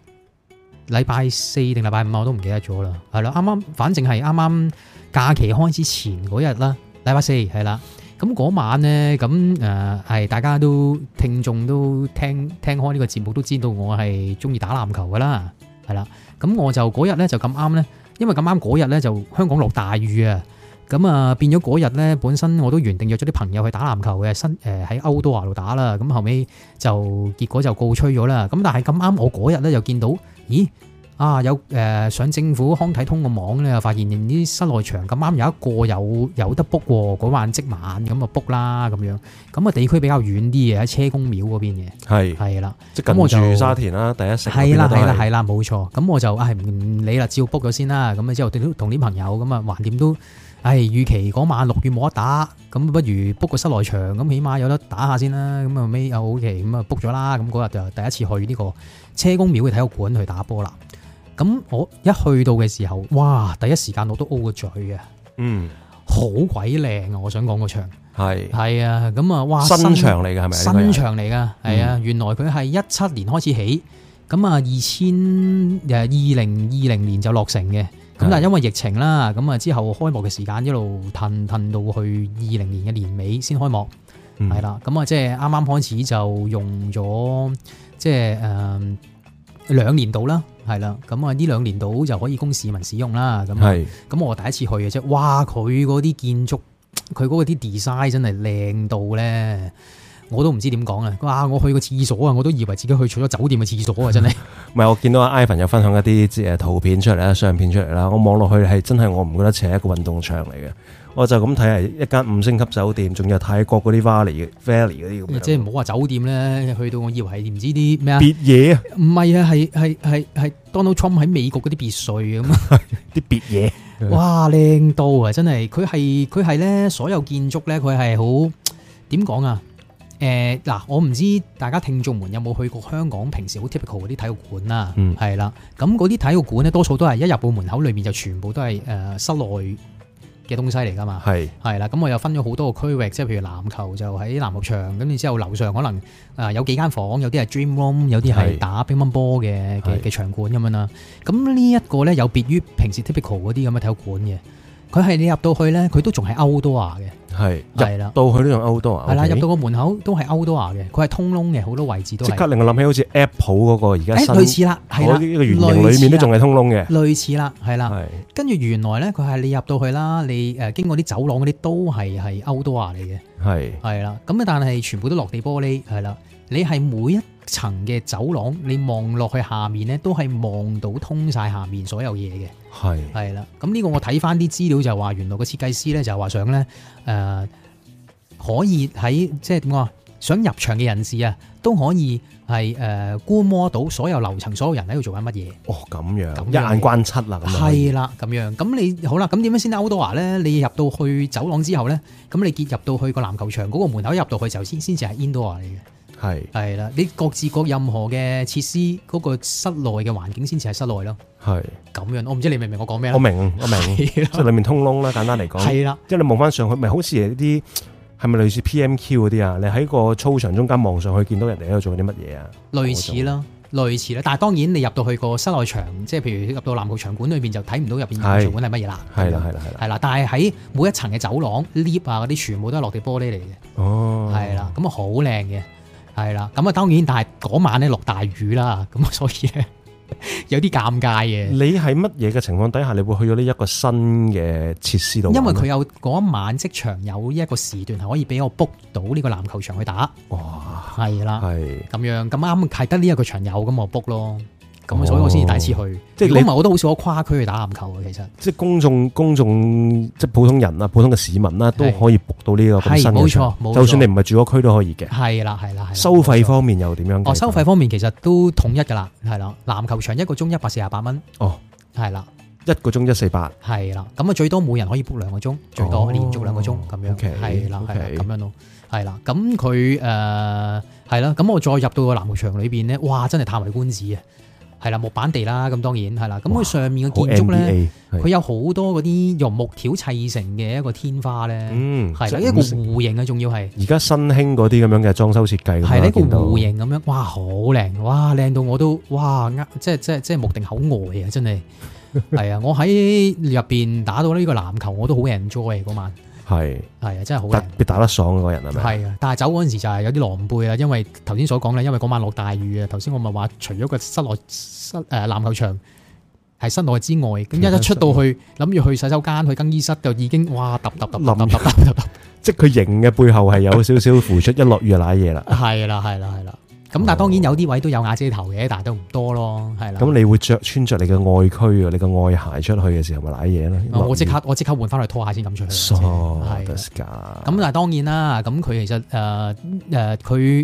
B: 禮拜四定禮拜五我都唔記得咗啦。係啦，啱啱，反正係啱啱假期開始前嗰日啦，禮拜四係啦。咁嗰晚咧，咁、呃、係大家都聽眾都聽聽開呢個節目都知道我係中意打籃球㗎啦。係啦，咁我就嗰日咧就咁啱咧。因為咁啱嗰日咧就香港落大雨啊，咁啊變咗嗰日咧本身我都原定約咗啲朋友去打籃球嘅，新誒喺、呃、歐都華度打啦，咁後尾就結果就告吹咗啦。咁但係咁啱我嗰日咧就見到，咦？啊有誒、呃、上政府康體通個網咧，發現啲室內場咁啱有一個有有得 book 喎，嗰晚即晚咁啊 book 啦咁樣。咁啊地區比較遠啲嘅喺車公廟嗰邊嘅。係係啦，即咁我住沙田啦，
A: 第一城係啦係啦係
B: 啦，冇錯。咁我就啊唔理啦，照 book 咗先啦。咁之後同啲朋友咁啊，橫掂都唉預、哎、期嗰晚六月冇得打，咁不如 book 個室內場，咁起碼有得打下先啦。咁後尾又 OK，咁啊 book 咗啦。咁嗰日就第一次去呢個車公廟嘅體育館去打波啦。咁我一去到嘅時候，哇！第一時間我都 O 個嘴嘅，嗯，好鬼靚啊！我想講個場，係係啊，咁啊，哇，新場嚟嘅係咪？新場嚟噶，係啊，原來佢係一七年開始起，咁、嗯、啊，二千誒二零二零年就落成嘅，咁但係因為疫情啦，咁啊之後開幕嘅時間一路褪褪到去二零年嘅年尾先開幕，係、嗯、啦，咁啊即係啱啱開始就用咗即係誒兩年度啦。係啦，咁啊呢兩年度就可以供市民使用啦。咁，咁我第一次去嘅啫，哇！佢嗰啲建築，佢嗰啲 design 真係靚到咧，我都唔知點講啊！哇！我去個廁所啊，我都以為自己去咗酒店嘅廁所啊，真係。
A: 唔係，我見到阿 Ivan 有分享一啲即係圖片出嚟啦，相片出嚟啦，我望落去係真係，我唔覺得似一個運動場嚟嘅。我就咁睇係一間五星級酒店，仲有泰國嗰啲 Valley 嘅 Valley 嗰啲咁。即係唔好話
B: 酒店咧，去到我以為係唔知啲咩啊？別嘢啊？唔係啊，係係係係 Donald Trump 喺美國嗰啲別墅咁，啲別嘢。哇，靚到啊！真係，佢係佢係咧，所有建築咧，佢係好點講啊？誒嗱，我唔知大家聽眾們有冇去過香港，平時好 typical 嗰啲體育館啊？嗯，係啦。咁嗰啲體育館咧，多數都係一入到門口裏面就全部都係誒室內。嘅東西嚟噶嘛？係係啦，咁我又分咗好多個區域，即係譬如籃球就喺籃球場，咁然之後樓上可能啊有幾間房，有啲係 dream room，有啲係打乒乓波嘅嘅場館咁樣啦。咁呢一個咧有別於平時 typical 嗰啲咁嘅體育館嘅，佢係你入到去咧，佢都仲係歐多亞嘅。
A: 係入到去都用歐多啊，係啦，入到
B: 個門口都係歐多啊嘅，佢係通窿嘅，好多位置都即刻
A: 令我諗起好似 Apple 嗰個而家類似啦，係啦，個圓形裏面都仲係通窿嘅，
B: 類似啦，係啦，跟住原來咧，佢係你入到去啦，你誒經過啲走廊嗰啲都係係歐多啊嚟嘅，係係啦，咁啊但係全部都落地玻璃係啦，你係每一。層嘅走廊，你望落去下面咧，都係望到通晒下面所有嘢嘅。係係啦，咁呢、這個我睇翻啲資料就話，原來個設計師咧就話想咧誒、呃，可以喺即係點講啊？想入場嘅人士啊，都可以係誒、呃、觀摩到所有樓層所有人喺度做緊乜嘢。哦，咁
A: 樣，這樣一眼關七啦，係啦，
B: 咁樣。咁你好啦，咁點樣先 outdoor 咧？你入到去走廊之後咧，咁你結入到去個籃球場嗰、那個門口入到去就先先至係 indoor 嚟嘅。系係啦，你各自各任何嘅設施，嗰、那個室內嘅環境先至係室內咯。係咁樣，我唔知你明唔明我講咩？我明，我明白，即係裏
A: 面通窿啦。簡單嚟講，係啦。即、就、係、是、你望翻上去，咪好似啲係咪類似 PMQ 啲啊？你喺個操場中間望上去，見到人哋喺度做緊啲乜嘢啊？
B: 類似啦，類似啦。但係當然你入到去個室內場，即係譬如入到籃球場館裏邊，就睇唔到入邊籃球館係乜嘢啦。係啦，係啦，係啦。係啦，但係喺每一層嘅走廊 lift 啊，嗰啲全部都係落地玻璃嚟嘅。哦，
A: 係啦，
B: 咁啊好靚嘅。係啦，咁啊，當然，但係嗰晚咧落大雨啦，咁所以咧
A: <laughs> 有啲尷尬嘅。你係乜嘢嘅情況底下，你會去到呢一個新嘅設施度？因為佢有
B: 嗰晚即場有一個時段係可以俾我 book 到呢個籃球場去打。哇，係啦的，係咁的樣咁啱係得呢一個場，有咁我 book 咯。咁、哦、所以我先至第一次去，即係你唔係我都好少跨區去打籃球嘅。其實
A: 即係公眾公眾即係普通人啦，普通嘅市民啦都可以 book 到，呢個係冇錯，就算你唔係住嗰區都可以嘅。係啦，係啦，係。收費方面又點樣？哦，收
B: 費方面其實都統一㗎啦，係啦。籃球場一個鐘一百四十八蚊。哦，係啦，
A: 一個鐘一四八。係
B: 啦，咁啊最多每人可以 book 兩個鐘、哦，
A: 最多連續兩個鐘
B: 咁、哦、樣。OK 係啦，咁、okay、樣咯。係啦，咁佢誒係啦，咁、呃、我再入到個籃球場裏邊咧，哇！真係歎為觀止啊！係啦，木板地啦，咁當然係啦。咁佢上面嘅建築咧，佢有好多嗰啲用木條砌成嘅一個天花咧，嗯，係一個弧形啊，仲要係。
A: 而家新興嗰啲咁樣嘅裝修設計，係一個弧形
B: 咁樣，哇，好靚，哇，靚到我都，哇，即係即係即係目定口呆啊，真係。係啊， <laughs> 我喺入邊打到呢個籃球，我都好 enjoy 嗰晚。
A: 係係啊，真係好特別，打得爽嗰個人係咪？係啊，
B: 但係走嗰陣時就係有啲狼狽啦，因為頭先所講咧，因為嗰晚落大雨啊。頭先我咪話，除咗個室內室誒籃球場係室內之外，咁一出到去諗住去洗手間、去更衣室，就已經哇揼揼揼
A: 揼揼揼揼，即係佢贏嘅背後係有少少付出。一落雨就瀨嘢啦，
B: 係啦係啦係啦。咁但係當然有啲位都有瓦遮頭嘅，但都唔多咯，啦、哦。咁
A: 你會着穿着你嘅外區啊，你嘅外鞋出去嘅時候咪攋嘢咧？我即刻
B: 我即刻換翻去拖鞋先，咁出
A: 去。噶、so,！
B: 咁但係當然啦，咁佢其實誒佢、呃呃、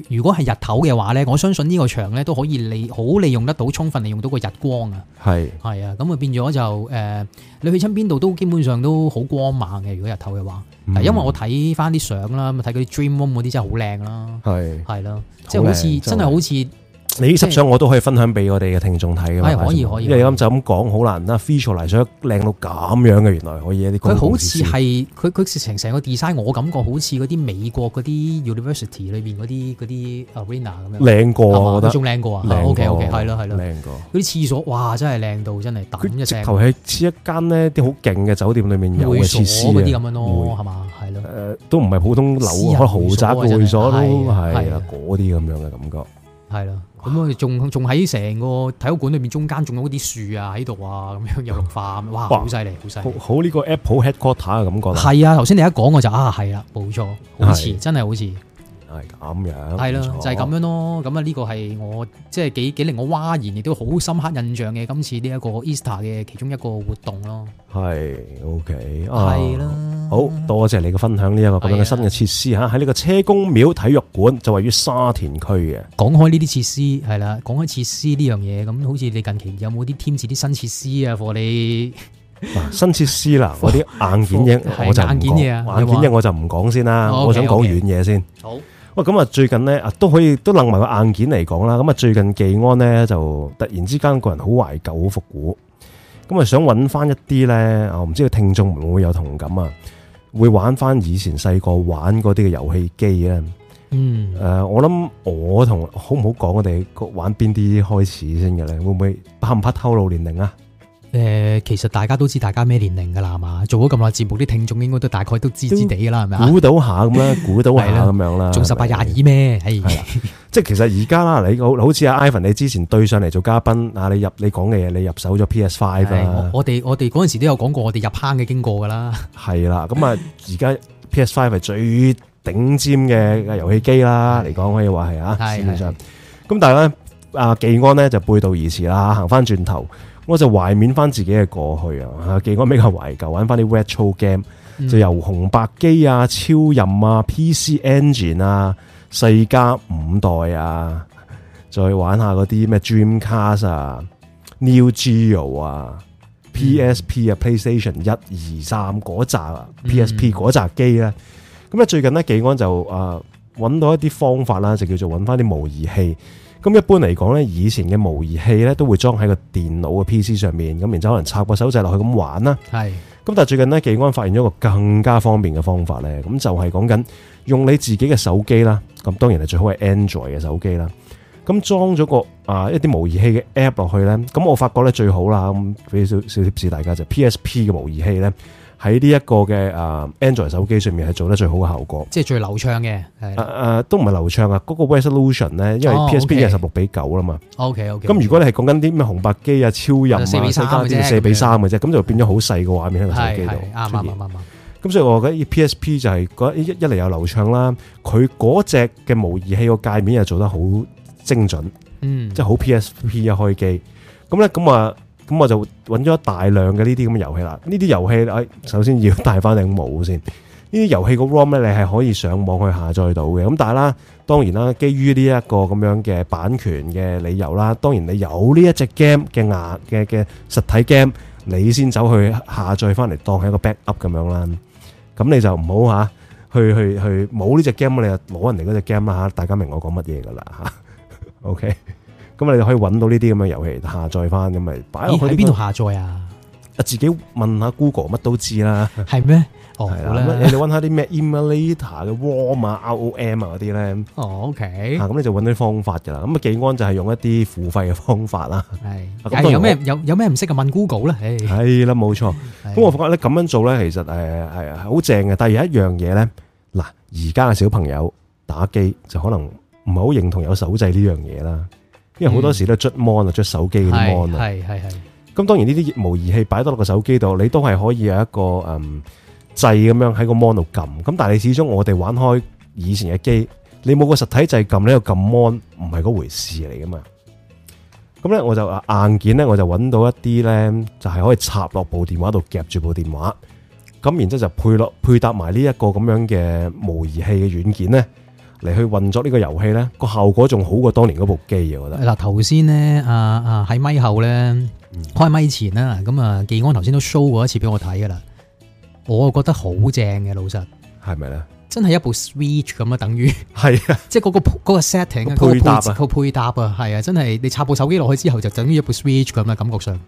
B: 如果係日頭嘅話咧，我相信呢個場咧都可以利好利用得到，充分利用到個日光啊。係係啊，咁啊變咗就誒、呃，你去親邊度都基本上都好光猛嘅，如果日頭嘅話。嗯、因為我睇翻啲相啦，咁睇嗰啲 Dream Room 嗰啲真係好靚啦，係係咯，即係、就是、好似真係好似。你呢輯
A: 相我都可以分享俾我哋嘅聽眾睇㗎，係可以可以，因為你啱就咁講好難啦。feature 嚟，想以靚到咁樣嘅，原來可以一啲公共設施。佢好似
B: 係佢佢成成個 design，我感覺好似嗰啲美國嗰啲 university 裏面嗰啲嗰啲 arena 咁樣靚過、啊、我覺得仲靚過啊。OK OK，係咯係咯，靚、嗯、過。嗰啲廁所哇，真係靚到真係等佢直頭係
A: 似一間呢啲好勁嘅酒店裏面有嘅設施嗰啲咁樣咯，係嘛
B: 係咯。誒，都唔係普通樓豪宅嘅會所咯，係啦
A: 嗰啲咁樣嘅感覺。
B: 係啦，咁我哋仲仲喺成個體育館裏面中間裡，中間仲有啲樹啊喺度啊，咁樣又綠化，哇，好犀利，好犀利，
A: 好呢個 Apple Headquarter 嘅感覺。係啊，
B: 頭先你一講我就啊係啦，冇錯，好似真係好似。係咁樣，係咯，就係、是、咁樣咯。咁啊，呢個係我即係幾幾令我嘩然，亦都好深刻印象嘅。今次呢一個 Easter 嘅其中一個活動咯，
A: 係 OK，係、啊、咯，好多謝你嘅分享呢、這、一個咁樣嘅新嘅設施吓，喺呢個車公廟體育館就位於沙田區嘅。講
B: 開呢啲設施係啦，講開設施呢樣嘢，咁好似你近期有冇啲添置啲
A: 新設施啊？我哋、啊、新設施啦， <laughs> 我啲硬件嘢，係硬件嘢啊，硬件嘢我就唔講先啦，我想講軟嘢先，好。Okay, 喂，咁啊，最近咧啊，都可以都諗埋個硬件嚟講啦，咁啊最近技安咧就突然之間個人好懷舊，好復古，咁啊想揾翻一啲咧啊，唔知個聽眾會唔會有同感啊？會玩翻以前細個玩嗰啲嘅遊戲機啊？嗯、呃，誒，我諗我同好唔好講我哋玩邊啲開始先嘅咧？會唔會怕唔怕透露年齡啊？
B: 誒，其實大家都知大家咩年齡噶啦嘛，做咗咁耐節目，啲聽眾應該都大概都知知地噶啦，係咪？估
A: 到下咁啦，估到下咁樣啦，仲十八廿
B: 二咩？係，即
A: 係其實而家啦，你好似阿 Ivan，你之前對上嚟做嘉賓啊，你入你講嘅嘢，你入手咗 PS Five 啦。
B: 我哋我哋嗰陣時都有講過，我哋入坑嘅經過噶啦。
A: 係啦，咁啊，而家 PS Five 係最頂尖嘅遊戲機啦，嚟講可以話係啊，市面上。咁但係咧，阿技安呢，就背道而馳啦，行翻轉頭。我就懷念翻自己嘅過去啊！記安比較懷舊，玩翻啲 retro game，就由紅白機啊、超任啊、PC Engine 啊、世嘉五代啊，再玩一下嗰啲咩 Dreamcast 啊、New Geo 啊、嗯、PSP 啊、PlayStation 一、二、嗯、三嗰扎啊、p s p 嗰扎機咧。咁啊，最近咧，記安就啊揾到一啲方法啦，就叫做揾翻啲模擬器。咁一般嚟講咧，以前嘅模擬器咧都會裝喺個電腦嘅 PC 上面，咁然之後可能插個手掣落去咁玩啦。係。咁但係最近咧，技安發現咗個更加方便嘅方法咧，咁就係講緊用你自己嘅手機啦。咁當然係最好係 Android 嘅手機啦。咁裝咗個啊、呃、一啲模擬器嘅 App 落去咧，咁我發覺咧最好啦。咁俾少少提示大家就 PSP 嘅模擬器咧。喺呢一個嘅誒 Android 手機上面係做得最好嘅效果，即
B: 係最流暢嘅。誒誒，
A: 都唔係流暢啊！嗰個 resolution 咧，因為 PSP 係十六比九啦嘛。OK OK。咁如果你係講緊啲咩紅白機啊、超任啊、世嘉嗰啲，四比三嘅啫，咁就變咗好細個畫面喺個手機度。啱啱啱啱。咁所以話我覺得 PSP 就係覺得一嚟又流暢啦，佢嗰隻嘅模擬器個界面又做得好精準，嗯，即係好 PSP 一開機，咁咧咁啊。咁我就揾咗大量嘅呢啲咁嘅遊戲啦，呢啲遊戲，哎，首先要帶翻頂帽先。呢啲遊戲個 ROM 咧，你係可以上網去下載到嘅。咁但係啦，當然啦，基於呢一個咁樣嘅版權嘅理由啦，當然你有呢一隻 game 嘅壓嘅嘅實體 game，你先走去下載翻嚟當係一個 backup 咁樣啦。咁你就唔好吓去去去冇呢隻 game，你就攞人哋嗰隻 game 啦吓。大家明我講乜嘢㗎啦吓？OK。咁啊，你就可以揾到呢啲咁嘅遊戲下載翻咁咪擺喺邊度下載啊？啊，自己問下 Google，乜都知啦。係咩？哦，好啦，你哋問下啲咩 Emulator 嘅 ROM 啊嗰啲咧。哦，OK 吓，咁你就揾啲方法噶啦。咁啊，技安就係用一啲付費嘅方法啦。係咁，有咩有有咩
B: 唔識啊？問 Google 咧，係
A: 啦，冇錯。咁我覺得咧咁樣做咧，其實誒係啊，好正嘅。但係有一樣嘢咧，嗱，而家嘅小朋友打機就可能唔係好認同有手掣呢樣嘢啦。因為好多時都捽 mon 啊，捽、嗯、手機嗰啲 mon 啊，係係係。咁當然呢啲模擬器擺到落個手機度，你都係可以有一個嗯掣咁樣喺個 mon 度撳。咁但係你始終我哋玩開以前嘅機，你冇個實體掣撳，呢個撳 mon 唔係嗰回事嚟噶嘛。咁咧我就硬件咧，我就揾到一啲咧，就係、是、可以插落部電話度夾住部電話。咁然之後就配落配搭埋呢一個咁樣嘅模擬器嘅軟件咧，嚟去運作這個遊戲，呢個遊戲咧，個效果仲好過當年嗰部機，我覺得。
B: 嗱頭先咧，啊啊喺咪後咧，開咪前啦，咁啊，技安頭先都 show 過一次俾我睇噶啦，我啊覺得好正嘅，老實係咪咧？真係一部 Switch 咁啊，等於係啊，即係嗰、那個、那個 setting 啊，配搭啊，那個配，那個、配搭啊，係啊，真係你插部手機落去之後，就等於一部 Switch 咁啊，感覺上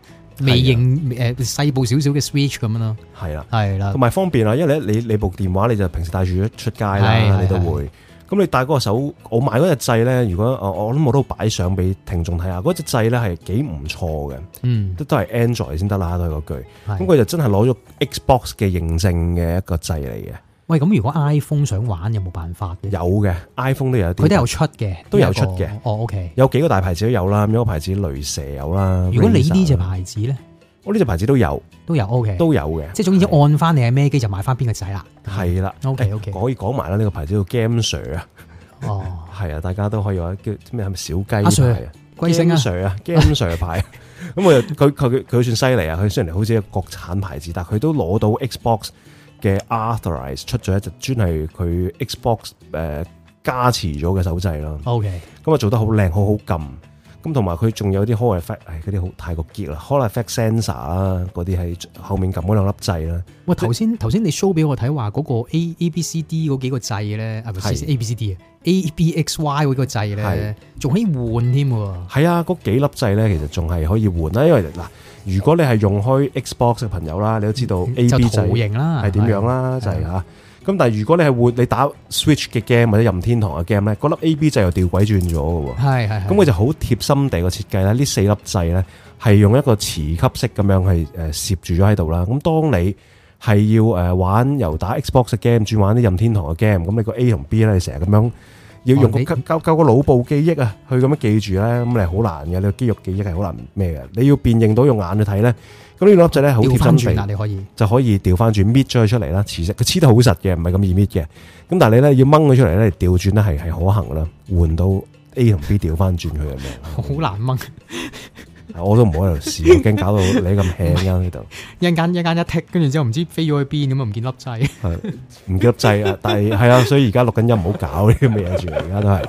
B: 微型誒細、啊、部少少嘅 Switch 咁樣咯，係啦、啊，係啦、啊，同
A: 埋方便啊，因為咧你你部電話你就平時帶住出街啦、啊，你都會。咁你戴嗰個手，我買嗰隻掣咧，如果我諗我都擺相俾聽眾睇下，嗰隻掣咧，係幾唔錯嘅，都都係 Android 先得啦，都係嗰句。咁佢就真係攞咗 Xbox 嘅認證嘅一個掣嚟嘅。
B: 喂，咁如果 iPhone 想玩有冇辦法？
A: 有嘅，iPhone 都有一啲，佢都有出嘅，都有出嘅、這個。哦，OK。有幾個大牌子都有啦，有一個牌子雷蛇有啦。如果你呢隻牌子咧？我呢隻牌子都有，都有 O、okay, K，都有嘅，即
B: 係總之按翻你係咩機就買翻邊個仔啦。
A: 係啦，O K O K，可以講埋啦。呢、okay, okay, 欸這個牌子叫 GameSir 啊，哦，係 <laughs> 啊，大家都可以話叫咩係咪小雞啊,啊，龜星啊，GameSir 牌。咁我又佢佢佢算犀利啊！佢雖然嚟好似一個國產牌子，但係佢都攞到 Xbox 嘅 authorize 出咗一隻專係佢 Xbox 誒加持咗嘅手掣咯。O K，咁啊做得、嗯、好靚，好好撳。咁同埋佢仲有啲 hall effect，唉，嗰啲好太過結啦。hall effect sensor 嗰啲喺後面撳嗰兩粒掣啦。喂，頭先頭先你 show 俾我睇話嗰
B: 個 a a b c d 嗰幾個掣咧，係咪 a b c d 啊？a b x y 嗰個掣咧，仲可以換添。
A: 係啊，嗰幾粒掣咧，其實仲係可以換啦。因為嗱，如果你係用開 Xbox 嘅朋友啦，你都知道 a b 掣係點樣啦，就係、是、吓。咁但係如果你係換你打 Switch 嘅 game 或者任天堂嘅 game 咧，嗰粒 A、B 掣又掉鬼轉咗嘅喎。係係。咁佢就好貼心地個設計咧，呢四粒掣咧係用一個磁吸式咁樣係誒攝住咗喺度啦。咁當你係要誒玩由打 Xbox 嘅 game 轉玩啲任天堂嘅 game，咁你個 A 同 B 咧，你成日咁樣要用個夠夠個腦部記憶啊，去咁樣記住咧，咁你好難嘅。你個肌肉記憶係好難咩嘅，你要辨認到用眼去睇咧。咁呢兩粒仔咧，好貼身以就可以調翻轉，搣咗佢出嚟啦。磁石佢黐得好實嘅，唔係咁易搣嘅。咁但係你咧要掹佢出嚟咧，調轉咧係係可行噶啦。換到 A 同 B 調翻轉佢係咪？
B: 好 <laughs> 難掹。
A: <laughs> 我都唔好喺度試，驚搞到你咁輕間呢度，
B: 一間一間一剔，跟住之後唔知飛咗去邊咁啊，唔見粒掣。唔見
A: 粒掣啊！ <laughs> 但係係啊，所以而家錄緊音，唔好搞呢啲咁嘅嘢住，而家都係。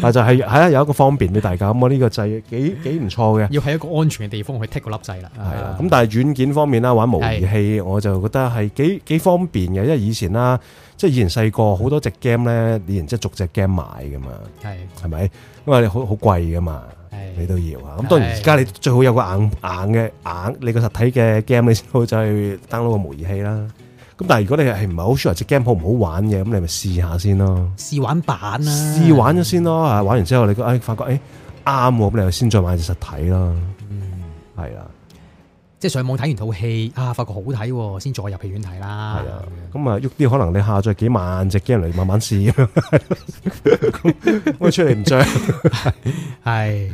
A: 但係就係、是、係啊，有一個方便俾大家。咁我呢個掣幾幾唔錯嘅，
B: 要喺一個安全嘅地方去剔個粒掣啦。係
A: 咁、啊啊、但係軟件方面啦，玩模擬器，我就覺得係幾幾方便嘅。因為以前啦，就是嗯、即係以前細個好多隻 game 咧，以前即係逐隻 game 買噶嘛，係係咪？因為你好好貴噶嘛。你都要啊，咁當然而家你最好有個硬硬嘅硬，你個實體嘅 game，你先好再去 download 個模擬器啦。咁但係如果你係唔係好 sure 隻 game 好唔好玩嘅，咁你咪試下先咯，試
B: 玩版啊，試玩
A: 咗先咯，啊玩完之後你覺誒發覺誒啱喎，咁、欸、你先再買隻實體咯。嗯，係啊。
B: 即係上網睇完套戲，啊，發覺好睇，哦，先再入戲院睇啦。係啊，
A: 咁啊，喐啲可能你下載幾萬隻 game 嚟慢慢試，咁 <laughs> 啊 <laughs> 出嚟唔着，係 <laughs> 係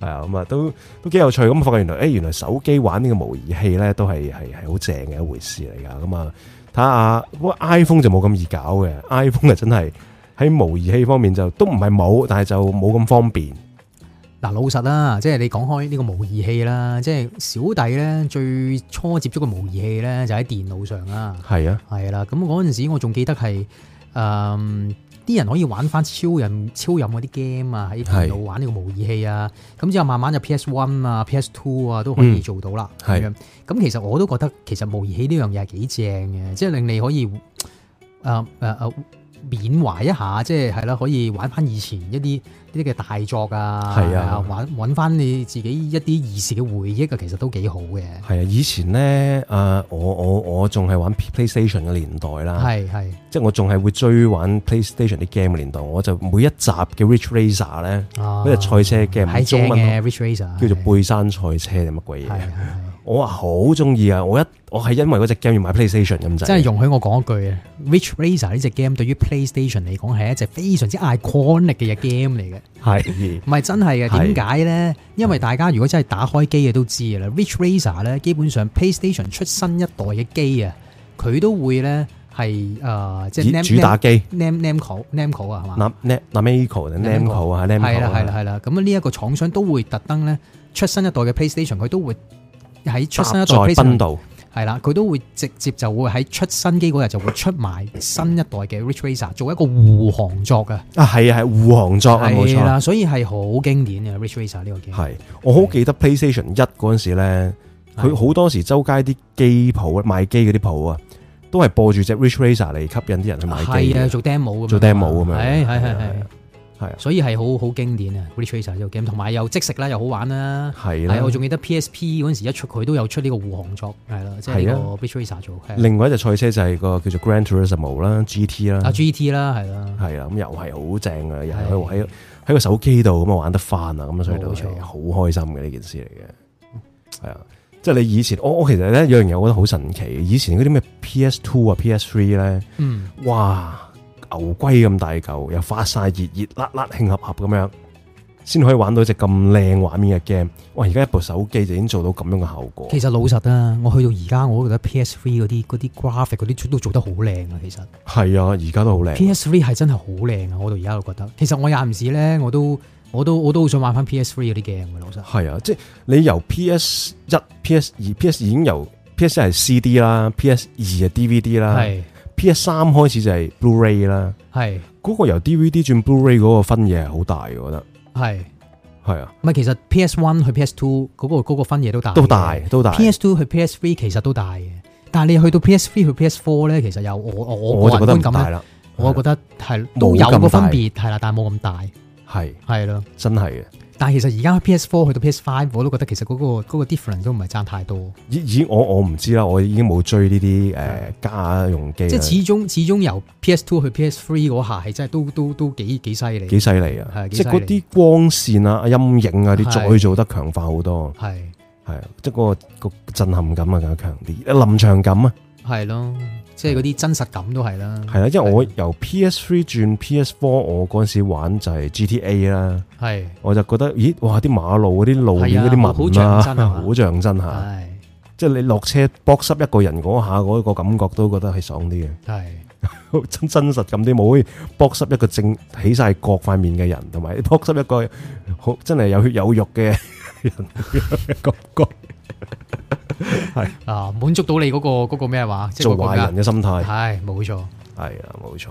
A: 啊，咁啊都都幾有趣。咁發覺原來，誒、欸、原來手機玩呢個模擬器咧，都係係好正嘅一回事嚟㗎。咁啊，睇下，不過 iPhone 就冇咁易搞嘅。iPhone 啊，真係喺模擬器方面就都唔係冇，但係就冇咁方便。
B: 嗱，老實啦，即係你講開呢個模擬器啦，即係小弟咧最初接觸嘅模擬器咧就喺電腦上係啊係。係啊，係啦，咁嗰陣時我仲記得係，誒、呃，啲人可以玩翻超人、超人嗰啲 game 啊，喺電腦玩呢個模擬器啊，咁之後慢慢就 PS One 啊、PS Two 啊都可以做到啦。係、嗯、咁，其實我都覺得其實模擬器呢樣嘢係幾正嘅，即係令你可以，誒、呃、誒。呃緬懷一下，即係係啦，可以玩翻以前一啲啲嘅大作啊，係啊，玩揾翻你自己一啲兒時嘅回憶啊，其實都幾好嘅。
A: 係啊，以前咧，啊，我我我仲係玩 PlayStation 嘅年代啦，係係，即係、就是、我仲係會追玩 PlayStation 啲 game 嘅年代，我就每一集嘅 Rich Racer 咧，嗰、啊、隻、那個、賽車 game 中文叫做背山賽車定乜鬼嘢？我話好中意啊！我一我係因為嗰隻 game 要買 PlayStation 咁滯。真係容
B: 許我講一句啊，Ridge Racer 呢隻 game 對於 PlayStation 嚟講係一隻非常之 iconic 嘅嘢 game 嚟嘅。
A: 係，
B: 唔係真係嘅？點解咧？因為大家如果真係打開機嘅都知㗎啦，Ridge Racer 咧基本上 PlayStation 出新一代嘅機啊，佢都會咧係、呃、即係主打機。Nam, Nam Namco Namco 係
A: 嘛？Nam Nam Namco 定 Namco 啊？係啦係啦係啦，
B: 咁呢一個廠商都會特登咧出新一代嘅 PlayStation，佢都會。喺出生一代 PlayStation 度，係啦，佢都會直接就會喺出新機嗰日就會出埋新一代嘅 Rich Racer，做一個護航作嘅。
A: 啊，係啊，係護航作啊，冇錯啦。
B: 所以係好經典嘅 Rich Racer 呢個 game。
A: 係，我好記得 PlayStation 一嗰陣時咧，佢好多時周街啲機鋪賣機嗰啲鋪啊，都係播住隻 Rich Racer 嚟吸引啲人去買機啊，做 demo 咁，做 demo 咁樣，係係係
B: 係。是啊，所以係好好經典啊，的 Ridge Racer game，同埋又即食啦，又好玩啦。係。啊啊、我仲記得 PSP 嗰陣時候一出佢都有出呢個護航作，係啦。啊，即係呢個 Ridge Racer 做。另
A: 外一隻賽車就係個叫做 Gran Turismo, GT，啊 Gran Turismo 啦，GT 啦，啊。GT
B: 啦，係啦。
A: 係啦，咁又係好正嘅，又喺喺個手機度咁啊玩得翻啊，咁所以都好開心嘅呢件事嚟嘅。係啊，即、就、係、是、你以前我我其實咧有樣嘢我覺得好神奇，以前嗰啲咩 PS Two 啊 PS Three 咧，嗯，哇！牛龜咁大嚿，又發晒熱熱辣辣，慶合合咁樣，先可以玩到隻咁靚畫面嘅 game。哇！而家一部手機就已經做到咁樣嘅效果。
B: 其實老實啊，我去到而家，我都覺得 PS Three 嗰啲啲 graphic 嗰啲都做得好靚啊。其實
A: 係啊，而家都好靚。PS Three
B: 係真係好靚啊！我到而家都覺得，其實我廿唔時咧，我都我都我都好想玩翻 PS Three 嗰啲 game。老
A: 實係啊，即係你由 PS 一、PS 二、PS 已經由 PS 一係 CD 啦，PS 二係 DVD 啦，係。P.S.3 開始就係 Blu-ray 啦，係、那、嗰個由 DVD 轉 Blu-ray 嗰個分嘢係好大，我覺得係係啊，
B: 唔係其實 PS1 去 PS2 嗰個嗰個分嘢都，都大，都大都大。PS2 去 PS3 其實都大嘅，但係你去到 PS3 去 PS4 咧，其實又我我我一咁啦，我覺得係冇有個分別係啦，但係冇咁大，係係
A: 啦，真係嘅。
B: 但係其實而家 PS Four 去到 PS Five，我都覺得其實嗰個嗰個 different 都唔係爭太
A: 多。咦，我我唔知啦，我已經冇追呢啲誒家用機。即係始終始
B: 終由 PS Two 去 PS Three 嗰下係真係都都都幾幾犀利。幾犀利啊！即係嗰啲
A: 光線啊、陰影啊啲做做得強化好多。係係即係嗰個個震撼感啊更加強啲，臨場感啊
B: 係咯。即係嗰啲真實感都係啦，
A: 係啦，因為我由 PS Three 轉 PS Four，我嗰陣時玩就係 GTA 啦，係，我就覺得，咦，哇，啲馬路嗰啲路面嗰啲紋啊，好像真，好像真吓，啊、即係你落車剝濕一個人嗰下嗰個感覺都覺得係爽啲嘅，係真真實感啲，冇剝濕一個正起晒各塊面嘅人，同埋剝濕一個好真係有血有肉嘅人 <laughs> <laughs>
B: 係啊，滿足到你嗰個個咩話？做壞人嘅心態係冇錯，
A: 係啊冇錯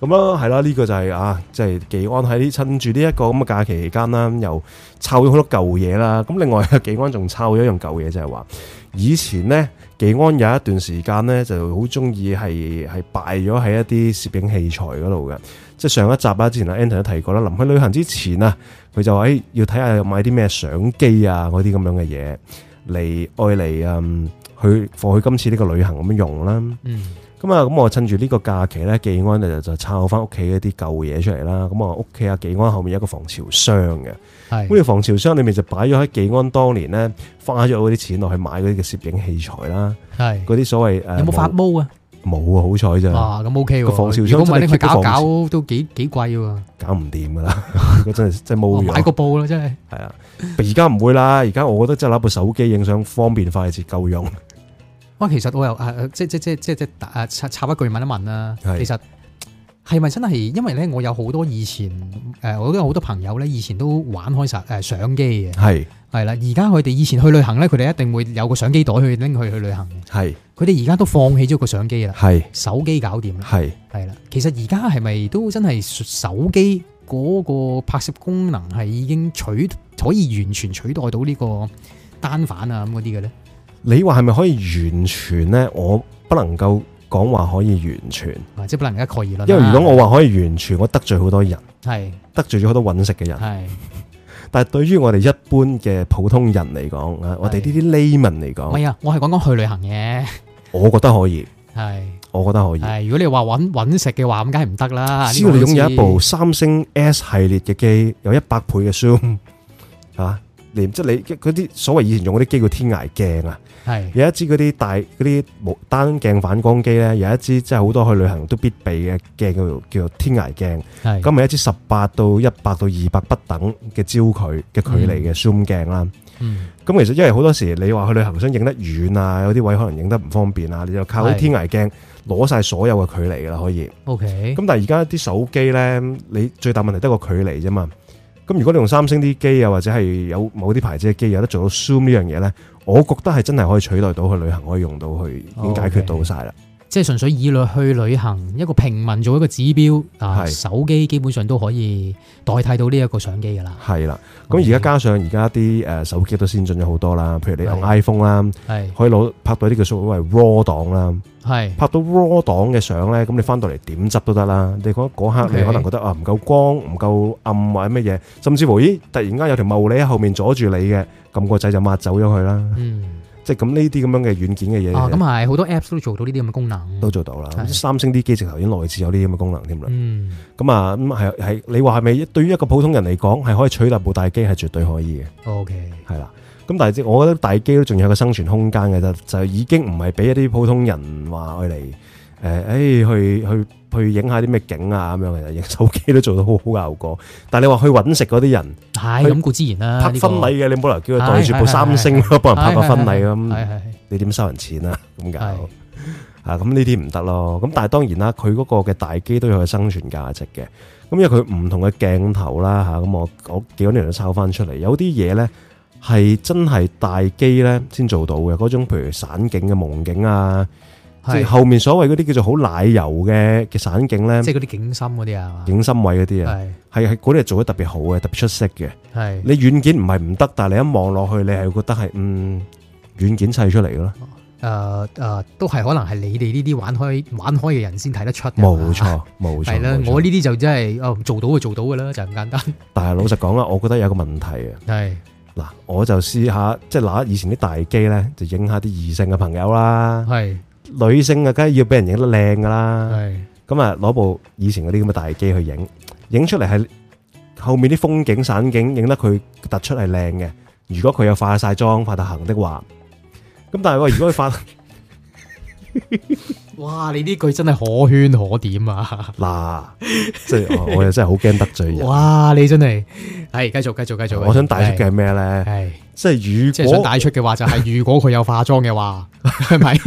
A: 咁啊，係啦。呢個就係啊，即係技安喺趁住呢一個咁嘅假期期間啦，又湊咗好多舊嘢啦。咁另外，技安仲湊咗一樣舊嘢，就係話以前呢，技安有一段時間呢，就好中意係係敗咗喺一啲攝影器材嗰度嘅。即係上一集啊，之前阿 Anton 都提過啦。臨去旅行之前啊，佢就話要睇下買啲咩相機啊，嗰啲咁樣嘅嘢。嚟愛嚟啊，去放去今次呢個旅行咁樣用啦。咁啊，咁我趁住呢個假期咧，技安就就抄翻屋企一啲舊嘢出嚟啦。咁啊，屋企阿技安後面有一個防潮箱嘅，咁個防潮箱裏面就擺咗喺技安當年咧花咗嗰啲錢落去買嗰啲嘅攝影器材啦，係嗰啲所謂誒有冇發毛啊？冇啊，好彩咋！哇，咁 OK 喎，如果唔係咧，佢搞搞
B: 都幾幾貴喎。
A: 搞唔掂噶啦，佢真係真係冇用。買個布咯，真係。係啊，而家唔會啦。而家我覺得真係攞部手機影相，方便快捷、夠用。
B: 我其實我又誒，即即即即即誒插插一句問一問啦。係。其實。係咪真係？因為咧，我有好多以前誒，我都有好多朋友咧，以前都玩開晒誒相機嘅。係係啦，而家佢哋以前去旅行咧，佢哋一定會有個相機袋去拎去去旅行嘅。係，佢哋而家都放棄咗個相機啦。係，手機搞掂
A: 啦。係係啦，
B: 其實而家係咪都真係手機嗰個拍攝功能係已經取可以完全取代到呢個單反啊咁嗰啲嘅咧？
A: 你話係咪可以完全咧？我不能夠。講話可以完全，
B: 或者不能一概而論。因為如果我話
A: 可以完全，我得罪好多人，係得罪咗好多搵食嘅人。係，但係對於我哋一般嘅普通人嚟講，我哋呢啲 layman 嚟講，係
B: 啊，我係講講去旅行嘅，
A: 我覺得可以，係，我覺得可以。
B: 係如果你話搵食嘅話，咁梗係唔得啦。只要你擁有一部
A: 三星 S 系列嘅機，有一百倍嘅 zoom，係嘛？即係你嗰啲所謂以前用嗰啲機叫天涯鏡啊，係有一支嗰啲大嗰啲單鏡反光機咧，有一支即係好多去旅行都必備嘅鏡叫叫做天涯鏡，咁咪一支十八到一百到二百不等嘅焦距嘅距離嘅 zoom 鏡啦。咁、嗯、其實因為好多時你話去旅行想影得遠啊，有啲位可能影得唔方便啊，你就靠天涯鏡攞晒所有嘅距離噶啦，可以。OK。咁但係而家啲手機咧，你最大問題得個距離啫嘛。咁如果你用三星啲機啊，或者係有某啲牌子嘅機有得做到 Zoom 呢樣嘢咧，我覺得係真係可以取代到去旅行可以用到去，已經解決到晒啦。哦 okay。嗯
B: 即係純粹以嚟去旅行，一個平民做一個指標，啊，手機基本上都可以代替到呢一個相機噶啦。
A: 係啦，咁而家加上而家啲誒手機都先進咗好多啦。譬如你用 iPhone 啦，係可以攞拍到呢個所謂 raw 檔啦，係拍到 raw 檔嘅相咧，咁你翻到嚟點執都得啦。你嗰嗰刻你可能覺得啊，唔夠光唔夠暗或者乜嘢，甚至乎咦突然間有條茂利喺後面阻住你嘅，咁個仔就抹走咗佢啦。嗯。即咁呢啲咁樣嘅軟件嘅嘢、啊，咁
B: 係好多 Apps 都做到呢啲咁嘅功能，
A: 都做到啦。三星啲機直頭已經內置有呢啲咁嘅功能添啦。嗯，咁啊，咁係係，你話係咪對於一個普通人嚟講係可以取代部大機係絕對可以嘅？OK，係啦。咁但係即係我覺得大機都仲有個生存空間嘅啫，就已經唔係俾一啲普通人話佢嚟。誒，誒，去去去影下啲咩景啊，咁樣其實影手機都做得好好效果。但係你話去搵食嗰啲人，係，咁固之然啦。拍婚禮嘅你冇理由叫佢帶住部三星咯，幫人拍個婚禮咁，你點收人錢啊？咁搞，啊，咁呢啲唔得咯。咁但係當然啦，佢嗰個嘅大機都有佢生存價值嘅。咁因為佢唔同嘅鏡頭啦，吓、啊，咁我我幾多年都抄翻出嚟，有啲嘢咧係真係大機咧先做到嘅，嗰種譬如散景嘅夢境啊。即係後面所謂嗰啲叫做好奶油嘅嘅散景咧，即係嗰啲景深嗰啲啊，景深位嗰啲啊，係係嗰啲係做得特別好嘅，特別出色嘅。係你軟件唔係唔得，但係你一望落去，你係覺得係嗯軟件砌出嚟咯。
B: 誒、呃、誒、呃，都係可能係你哋呢啲玩開玩開嘅人先睇得
A: 出的。冇錯冇錯，係 <laughs> 啦，冇錯我呢
B: 啲就真係、哦、做到就做到噶啦，就咁、是、簡單。
A: 但係老實講啦，我覺得有一個問題啊。係嗱，我就試下即係、就是、拿以前啲大機咧，就影下啲異性嘅朋友啦。係。女性啊，梗係要俾人影得靚噶啦，咁啊攞部以前嗰啲咁嘅大機去影，影出嚟係後面啲風景、散景影得佢突出係靚嘅。如果佢有化晒妝、化得行的話，咁但係如果佢化， <laughs> 哇！你呢句真係可圈
B: 可點啊！嗱、啊， <laughs> 即
A: 係我又真係好驚得罪人。哇！
B: 你真係係，繼續繼續繼續。我想帶出嘅係咩咧？係即係如果即係想帶出嘅話，話，就係如果佢有化妝嘅話，係咪？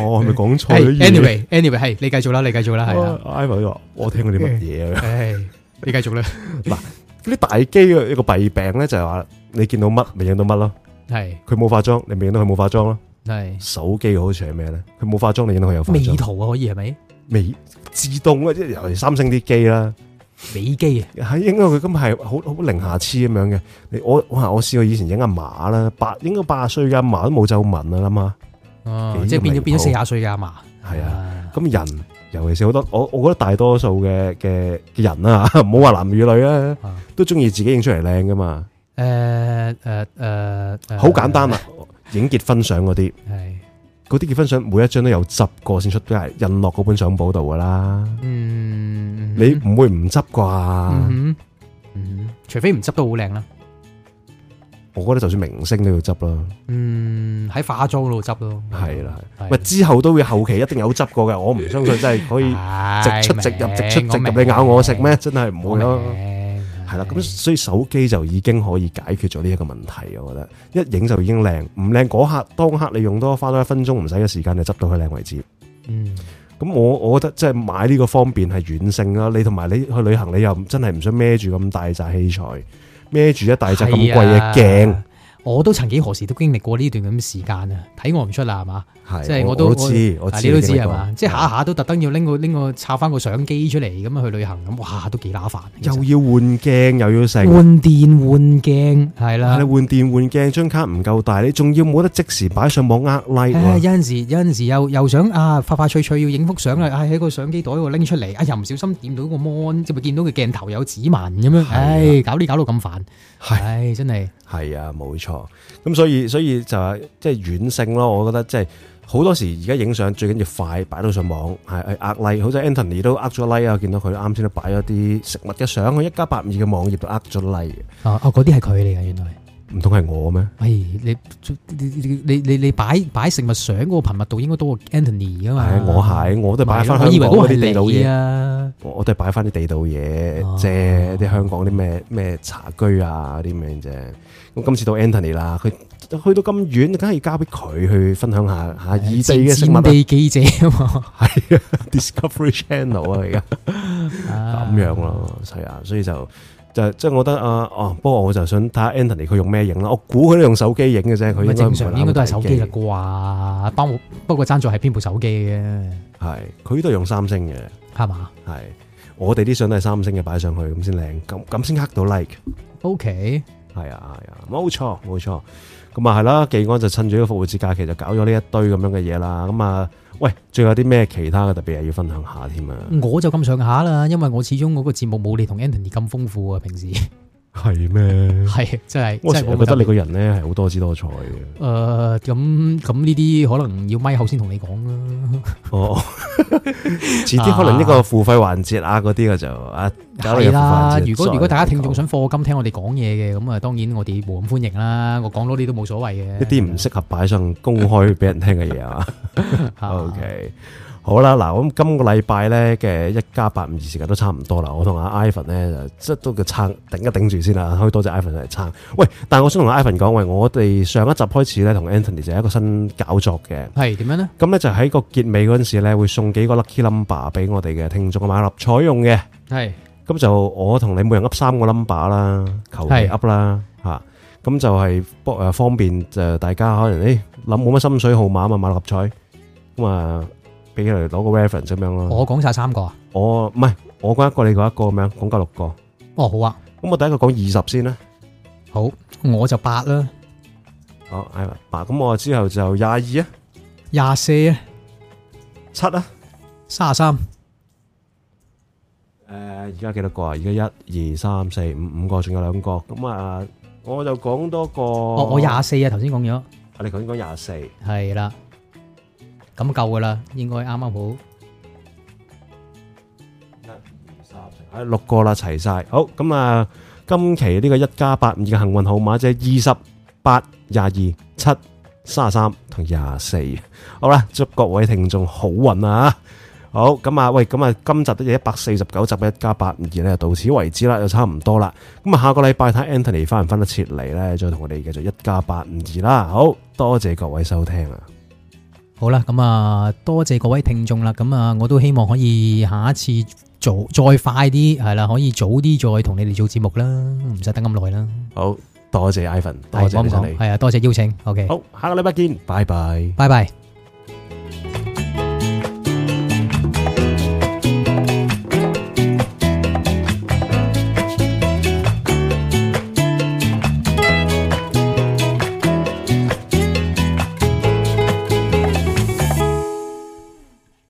A: 我係咪講錯？Anyway，Anyway 係你繼續啦，你繼續啦，係啊。Ivan 話我聽佢啲乜嘢？唉，你繼續啦。嗱，嗰啲大機嘅一個弊病咧，就係話你見到乜，咪影到乜咯。係佢冇化妝，你咪影到佢冇化妝咯。係手機好似係咩咧？佢冇化妝，你影到佢有化妝。美圖啊，可以係咪？美自動啊，即係由三星啲機啦。美肌啊，係應該佢今日係好好零瑕疵咁樣嘅。你我哇，我試過以前影阿嫲啦，八應該八十歲嘅阿嫲都冇皺紋啊嘛，
B: 即係變咗變咗四廿歲嘅阿嫲。
A: 係啊，咁、啊、人尤其是好多，我我覺得大多數嘅嘅人啊，唔好話男與女啊，啊都中意自己影出嚟靚噶嘛。
B: 誒誒誒，好、呃呃呃、簡單啊，
A: 影 <laughs> 結婚相嗰啲係。嗰啲結婚相每一張都有執過先出，都係印落嗰本相簿度噶啦。嗯，你唔會唔執啩？
B: 除非唔執都好靚啦。
A: 我覺得就算明星都要執咯。嗯，
B: 喺化妝嗰度執咯。係啦，係。咪，之
A: 後都會後期一定有執過嘅。我唔相信真係可以直出直入，直出直入，你咬我食咩？真係唔會咯。係啦，咁所以手機就已經可以解決咗呢一個問題。我覺得一影就已經靚，唔靚嗰刻，當刻你用多花多一分鐘唔使嘅時間你執到佢靚為止。嗯，咁我我覺得即係買呢個方便係遠勝啦。你同埋你去旅行你又真係唔想孭住咁大隻器材，孭住一大隻咁貴嘅鏡。
B: 我都曾幾何時都經歷過呢段咁嘅時間啊！睇我唔出啦，係嘛？即係、就是、我都知，我,我,知我,我你都知係嘛？即係、就是、下下都特登要拎個拎個摷翻個相機出嚟咁去旅行咁，哇！都
A: 幾乸煩，又要換鏡又要成換,換電換鏡係啦，你換電換鏡張卡唔夠大，你仲要冇得即時擺上網呃、like。有陣時有
B: 陣時,有時又又想啊快快脆脆要影幅相啦，喺、啊、個相機袋度拎出嚟、啊，又唔小心點到個 mon 就咪見到佢鏡頭有指紋咁樣，唉搞啲搞到咁煩，係、哎、真係
A: 係啊冇錯。咁、哦、所以所以就係即係軟性咯，我覺得即係好多時而家影相最緊要快，擺到上網係係呃 like，好似 Anthony 都呃咗 like 啊，見到佢啱先都擺咗啲食物嘅相，佢一加八五二嘅網頁都呃咗
B: like。啊嗰啲係佢嚟嘅，原來唔通係我咩？哎？你你你你擺擺食物相嗰個頻密度應該多過 Anthony 啊嘛？係我係，我都係擺翻。我以為嗰係地道嘢啊，
A: 我都係擺翻啲地道嘢，即係啲香港啲咩咩茶居啊啲咩啫。今次到 Anthony 啦，佢去到咁遠，梗係要交俾佢去分享下戰地嘅新聞啊，記者啊嘛， <laughs> <laughs> 係 Discovery Channel 啊而家咁樣咯，係啊，所以就就即係我覺得啊，哦、啊，不過我就想睇下 Anthony 佢用咩影啦，我估佢都用手機影嘅啫，佢正常應該，應該都係手機
B: 啦啩。包不過爭在係邊部手
A: 機嘅，係佢都係用三星嘅，係嘛？係我哋啲相都係三星嘅擺上去咁先靚，咁咁先黑到 like。OK。係啊係啊，冇錯冇錯，咁啊係啦，技安就趁住個復活節假期就搞咗呢一堆咁樣嘅嘢啦，咁啊，喂，仲有啲咩其他嘅特別係要分享下添啊？
B: 我就咁上下啦，因為我始終嗰個節目冇你同 Anthony 咁豐富啊，平時。係咩？係，真係。我成日覺得你個人
A: 咧係好多姿多彩
B: 嘅，呃。誒，咁咁呢啲可能要咪後先同你講啦。
A: 哦，遲啲 <laughs> 可能呢個付費環節啊，嗰啲嘅就啊係啦。如果如果大家聽眾
B: 想課金聽我哋講嘢嘅，咁啊當然我哋冇咁歡迎啦。我講多啲都冇所謂嘅。一
A: 啲唔適合擺上公開俾人聽嘅嘢啊。O K。好啦，嗱，咁今個禮拜咧嘅一家八五二時間都差唔多啦。我同阿 Ivan 咧就即都叫撐頂一頂住先啦。可以多謝 Ivan 嚟撐。喂，但係我想同 Ivan 講，喂，我哋上一集開始咧同 Anthony 就係一個新搞作嘅。係點樣咧？咁咧就喺個結尾嗰陣時咧會送幾個 lucky number 俾我哋嘅聽眾買六合彩用嘅。係。咁就我同你每人噏三個 number 啦，求其噏啦嚇。咁就係幫誒方便就大家可能誒諗冇乜心水號碼嘛買六合彩咁啊。俾佢哋攞個 reference 咁樣咯。我講晒三個啊。我唔係我講一個你講一個咁樣，講夠六個。哦，好啊。咁我第一個講二十先啦。好，我就八啦。好，係啦。咁我之後就廿二啊，廿四啊，七啊，卅三。誒，而家幾多個啊？而家一二三四五五個，仲有兩個。咁啊，我就講多個。哦，我廿四啊，頭先講咗。你頭先講廿四。係啦。咁夠噶啦，
B: 應該啱啱好。
A: 一、二、三、四，係六個啦，齊晒。好，咁啊，今期呢個一家八五二嘅幸運號碼即係二十八、廿二、七、三十三同廿四。好啦，祝各位聽眾好運啊！好，咁啊，喂，咁啊，今集都有一百四十九集嘅一家八五二咧，到此為止啦，又差唔多啦。咁啊，下個禮拜睇 Anthony 翻唔翻得切嚟咧，再同我哋繼續一家八五二啦。好多謝各位收聽啊！
B: 好啦，咁啊，多謝各位聽眾啦，咁啊，我都希望可以下一次早再快啲，係啦，可以早啲再同你哋做節目啦，唔使等咁耐啦。
A: 好多謝 Ivan，多謝你，
B: 係啊，多謝邀請。OK，好，下個禮拜見，拜拜，拜拜。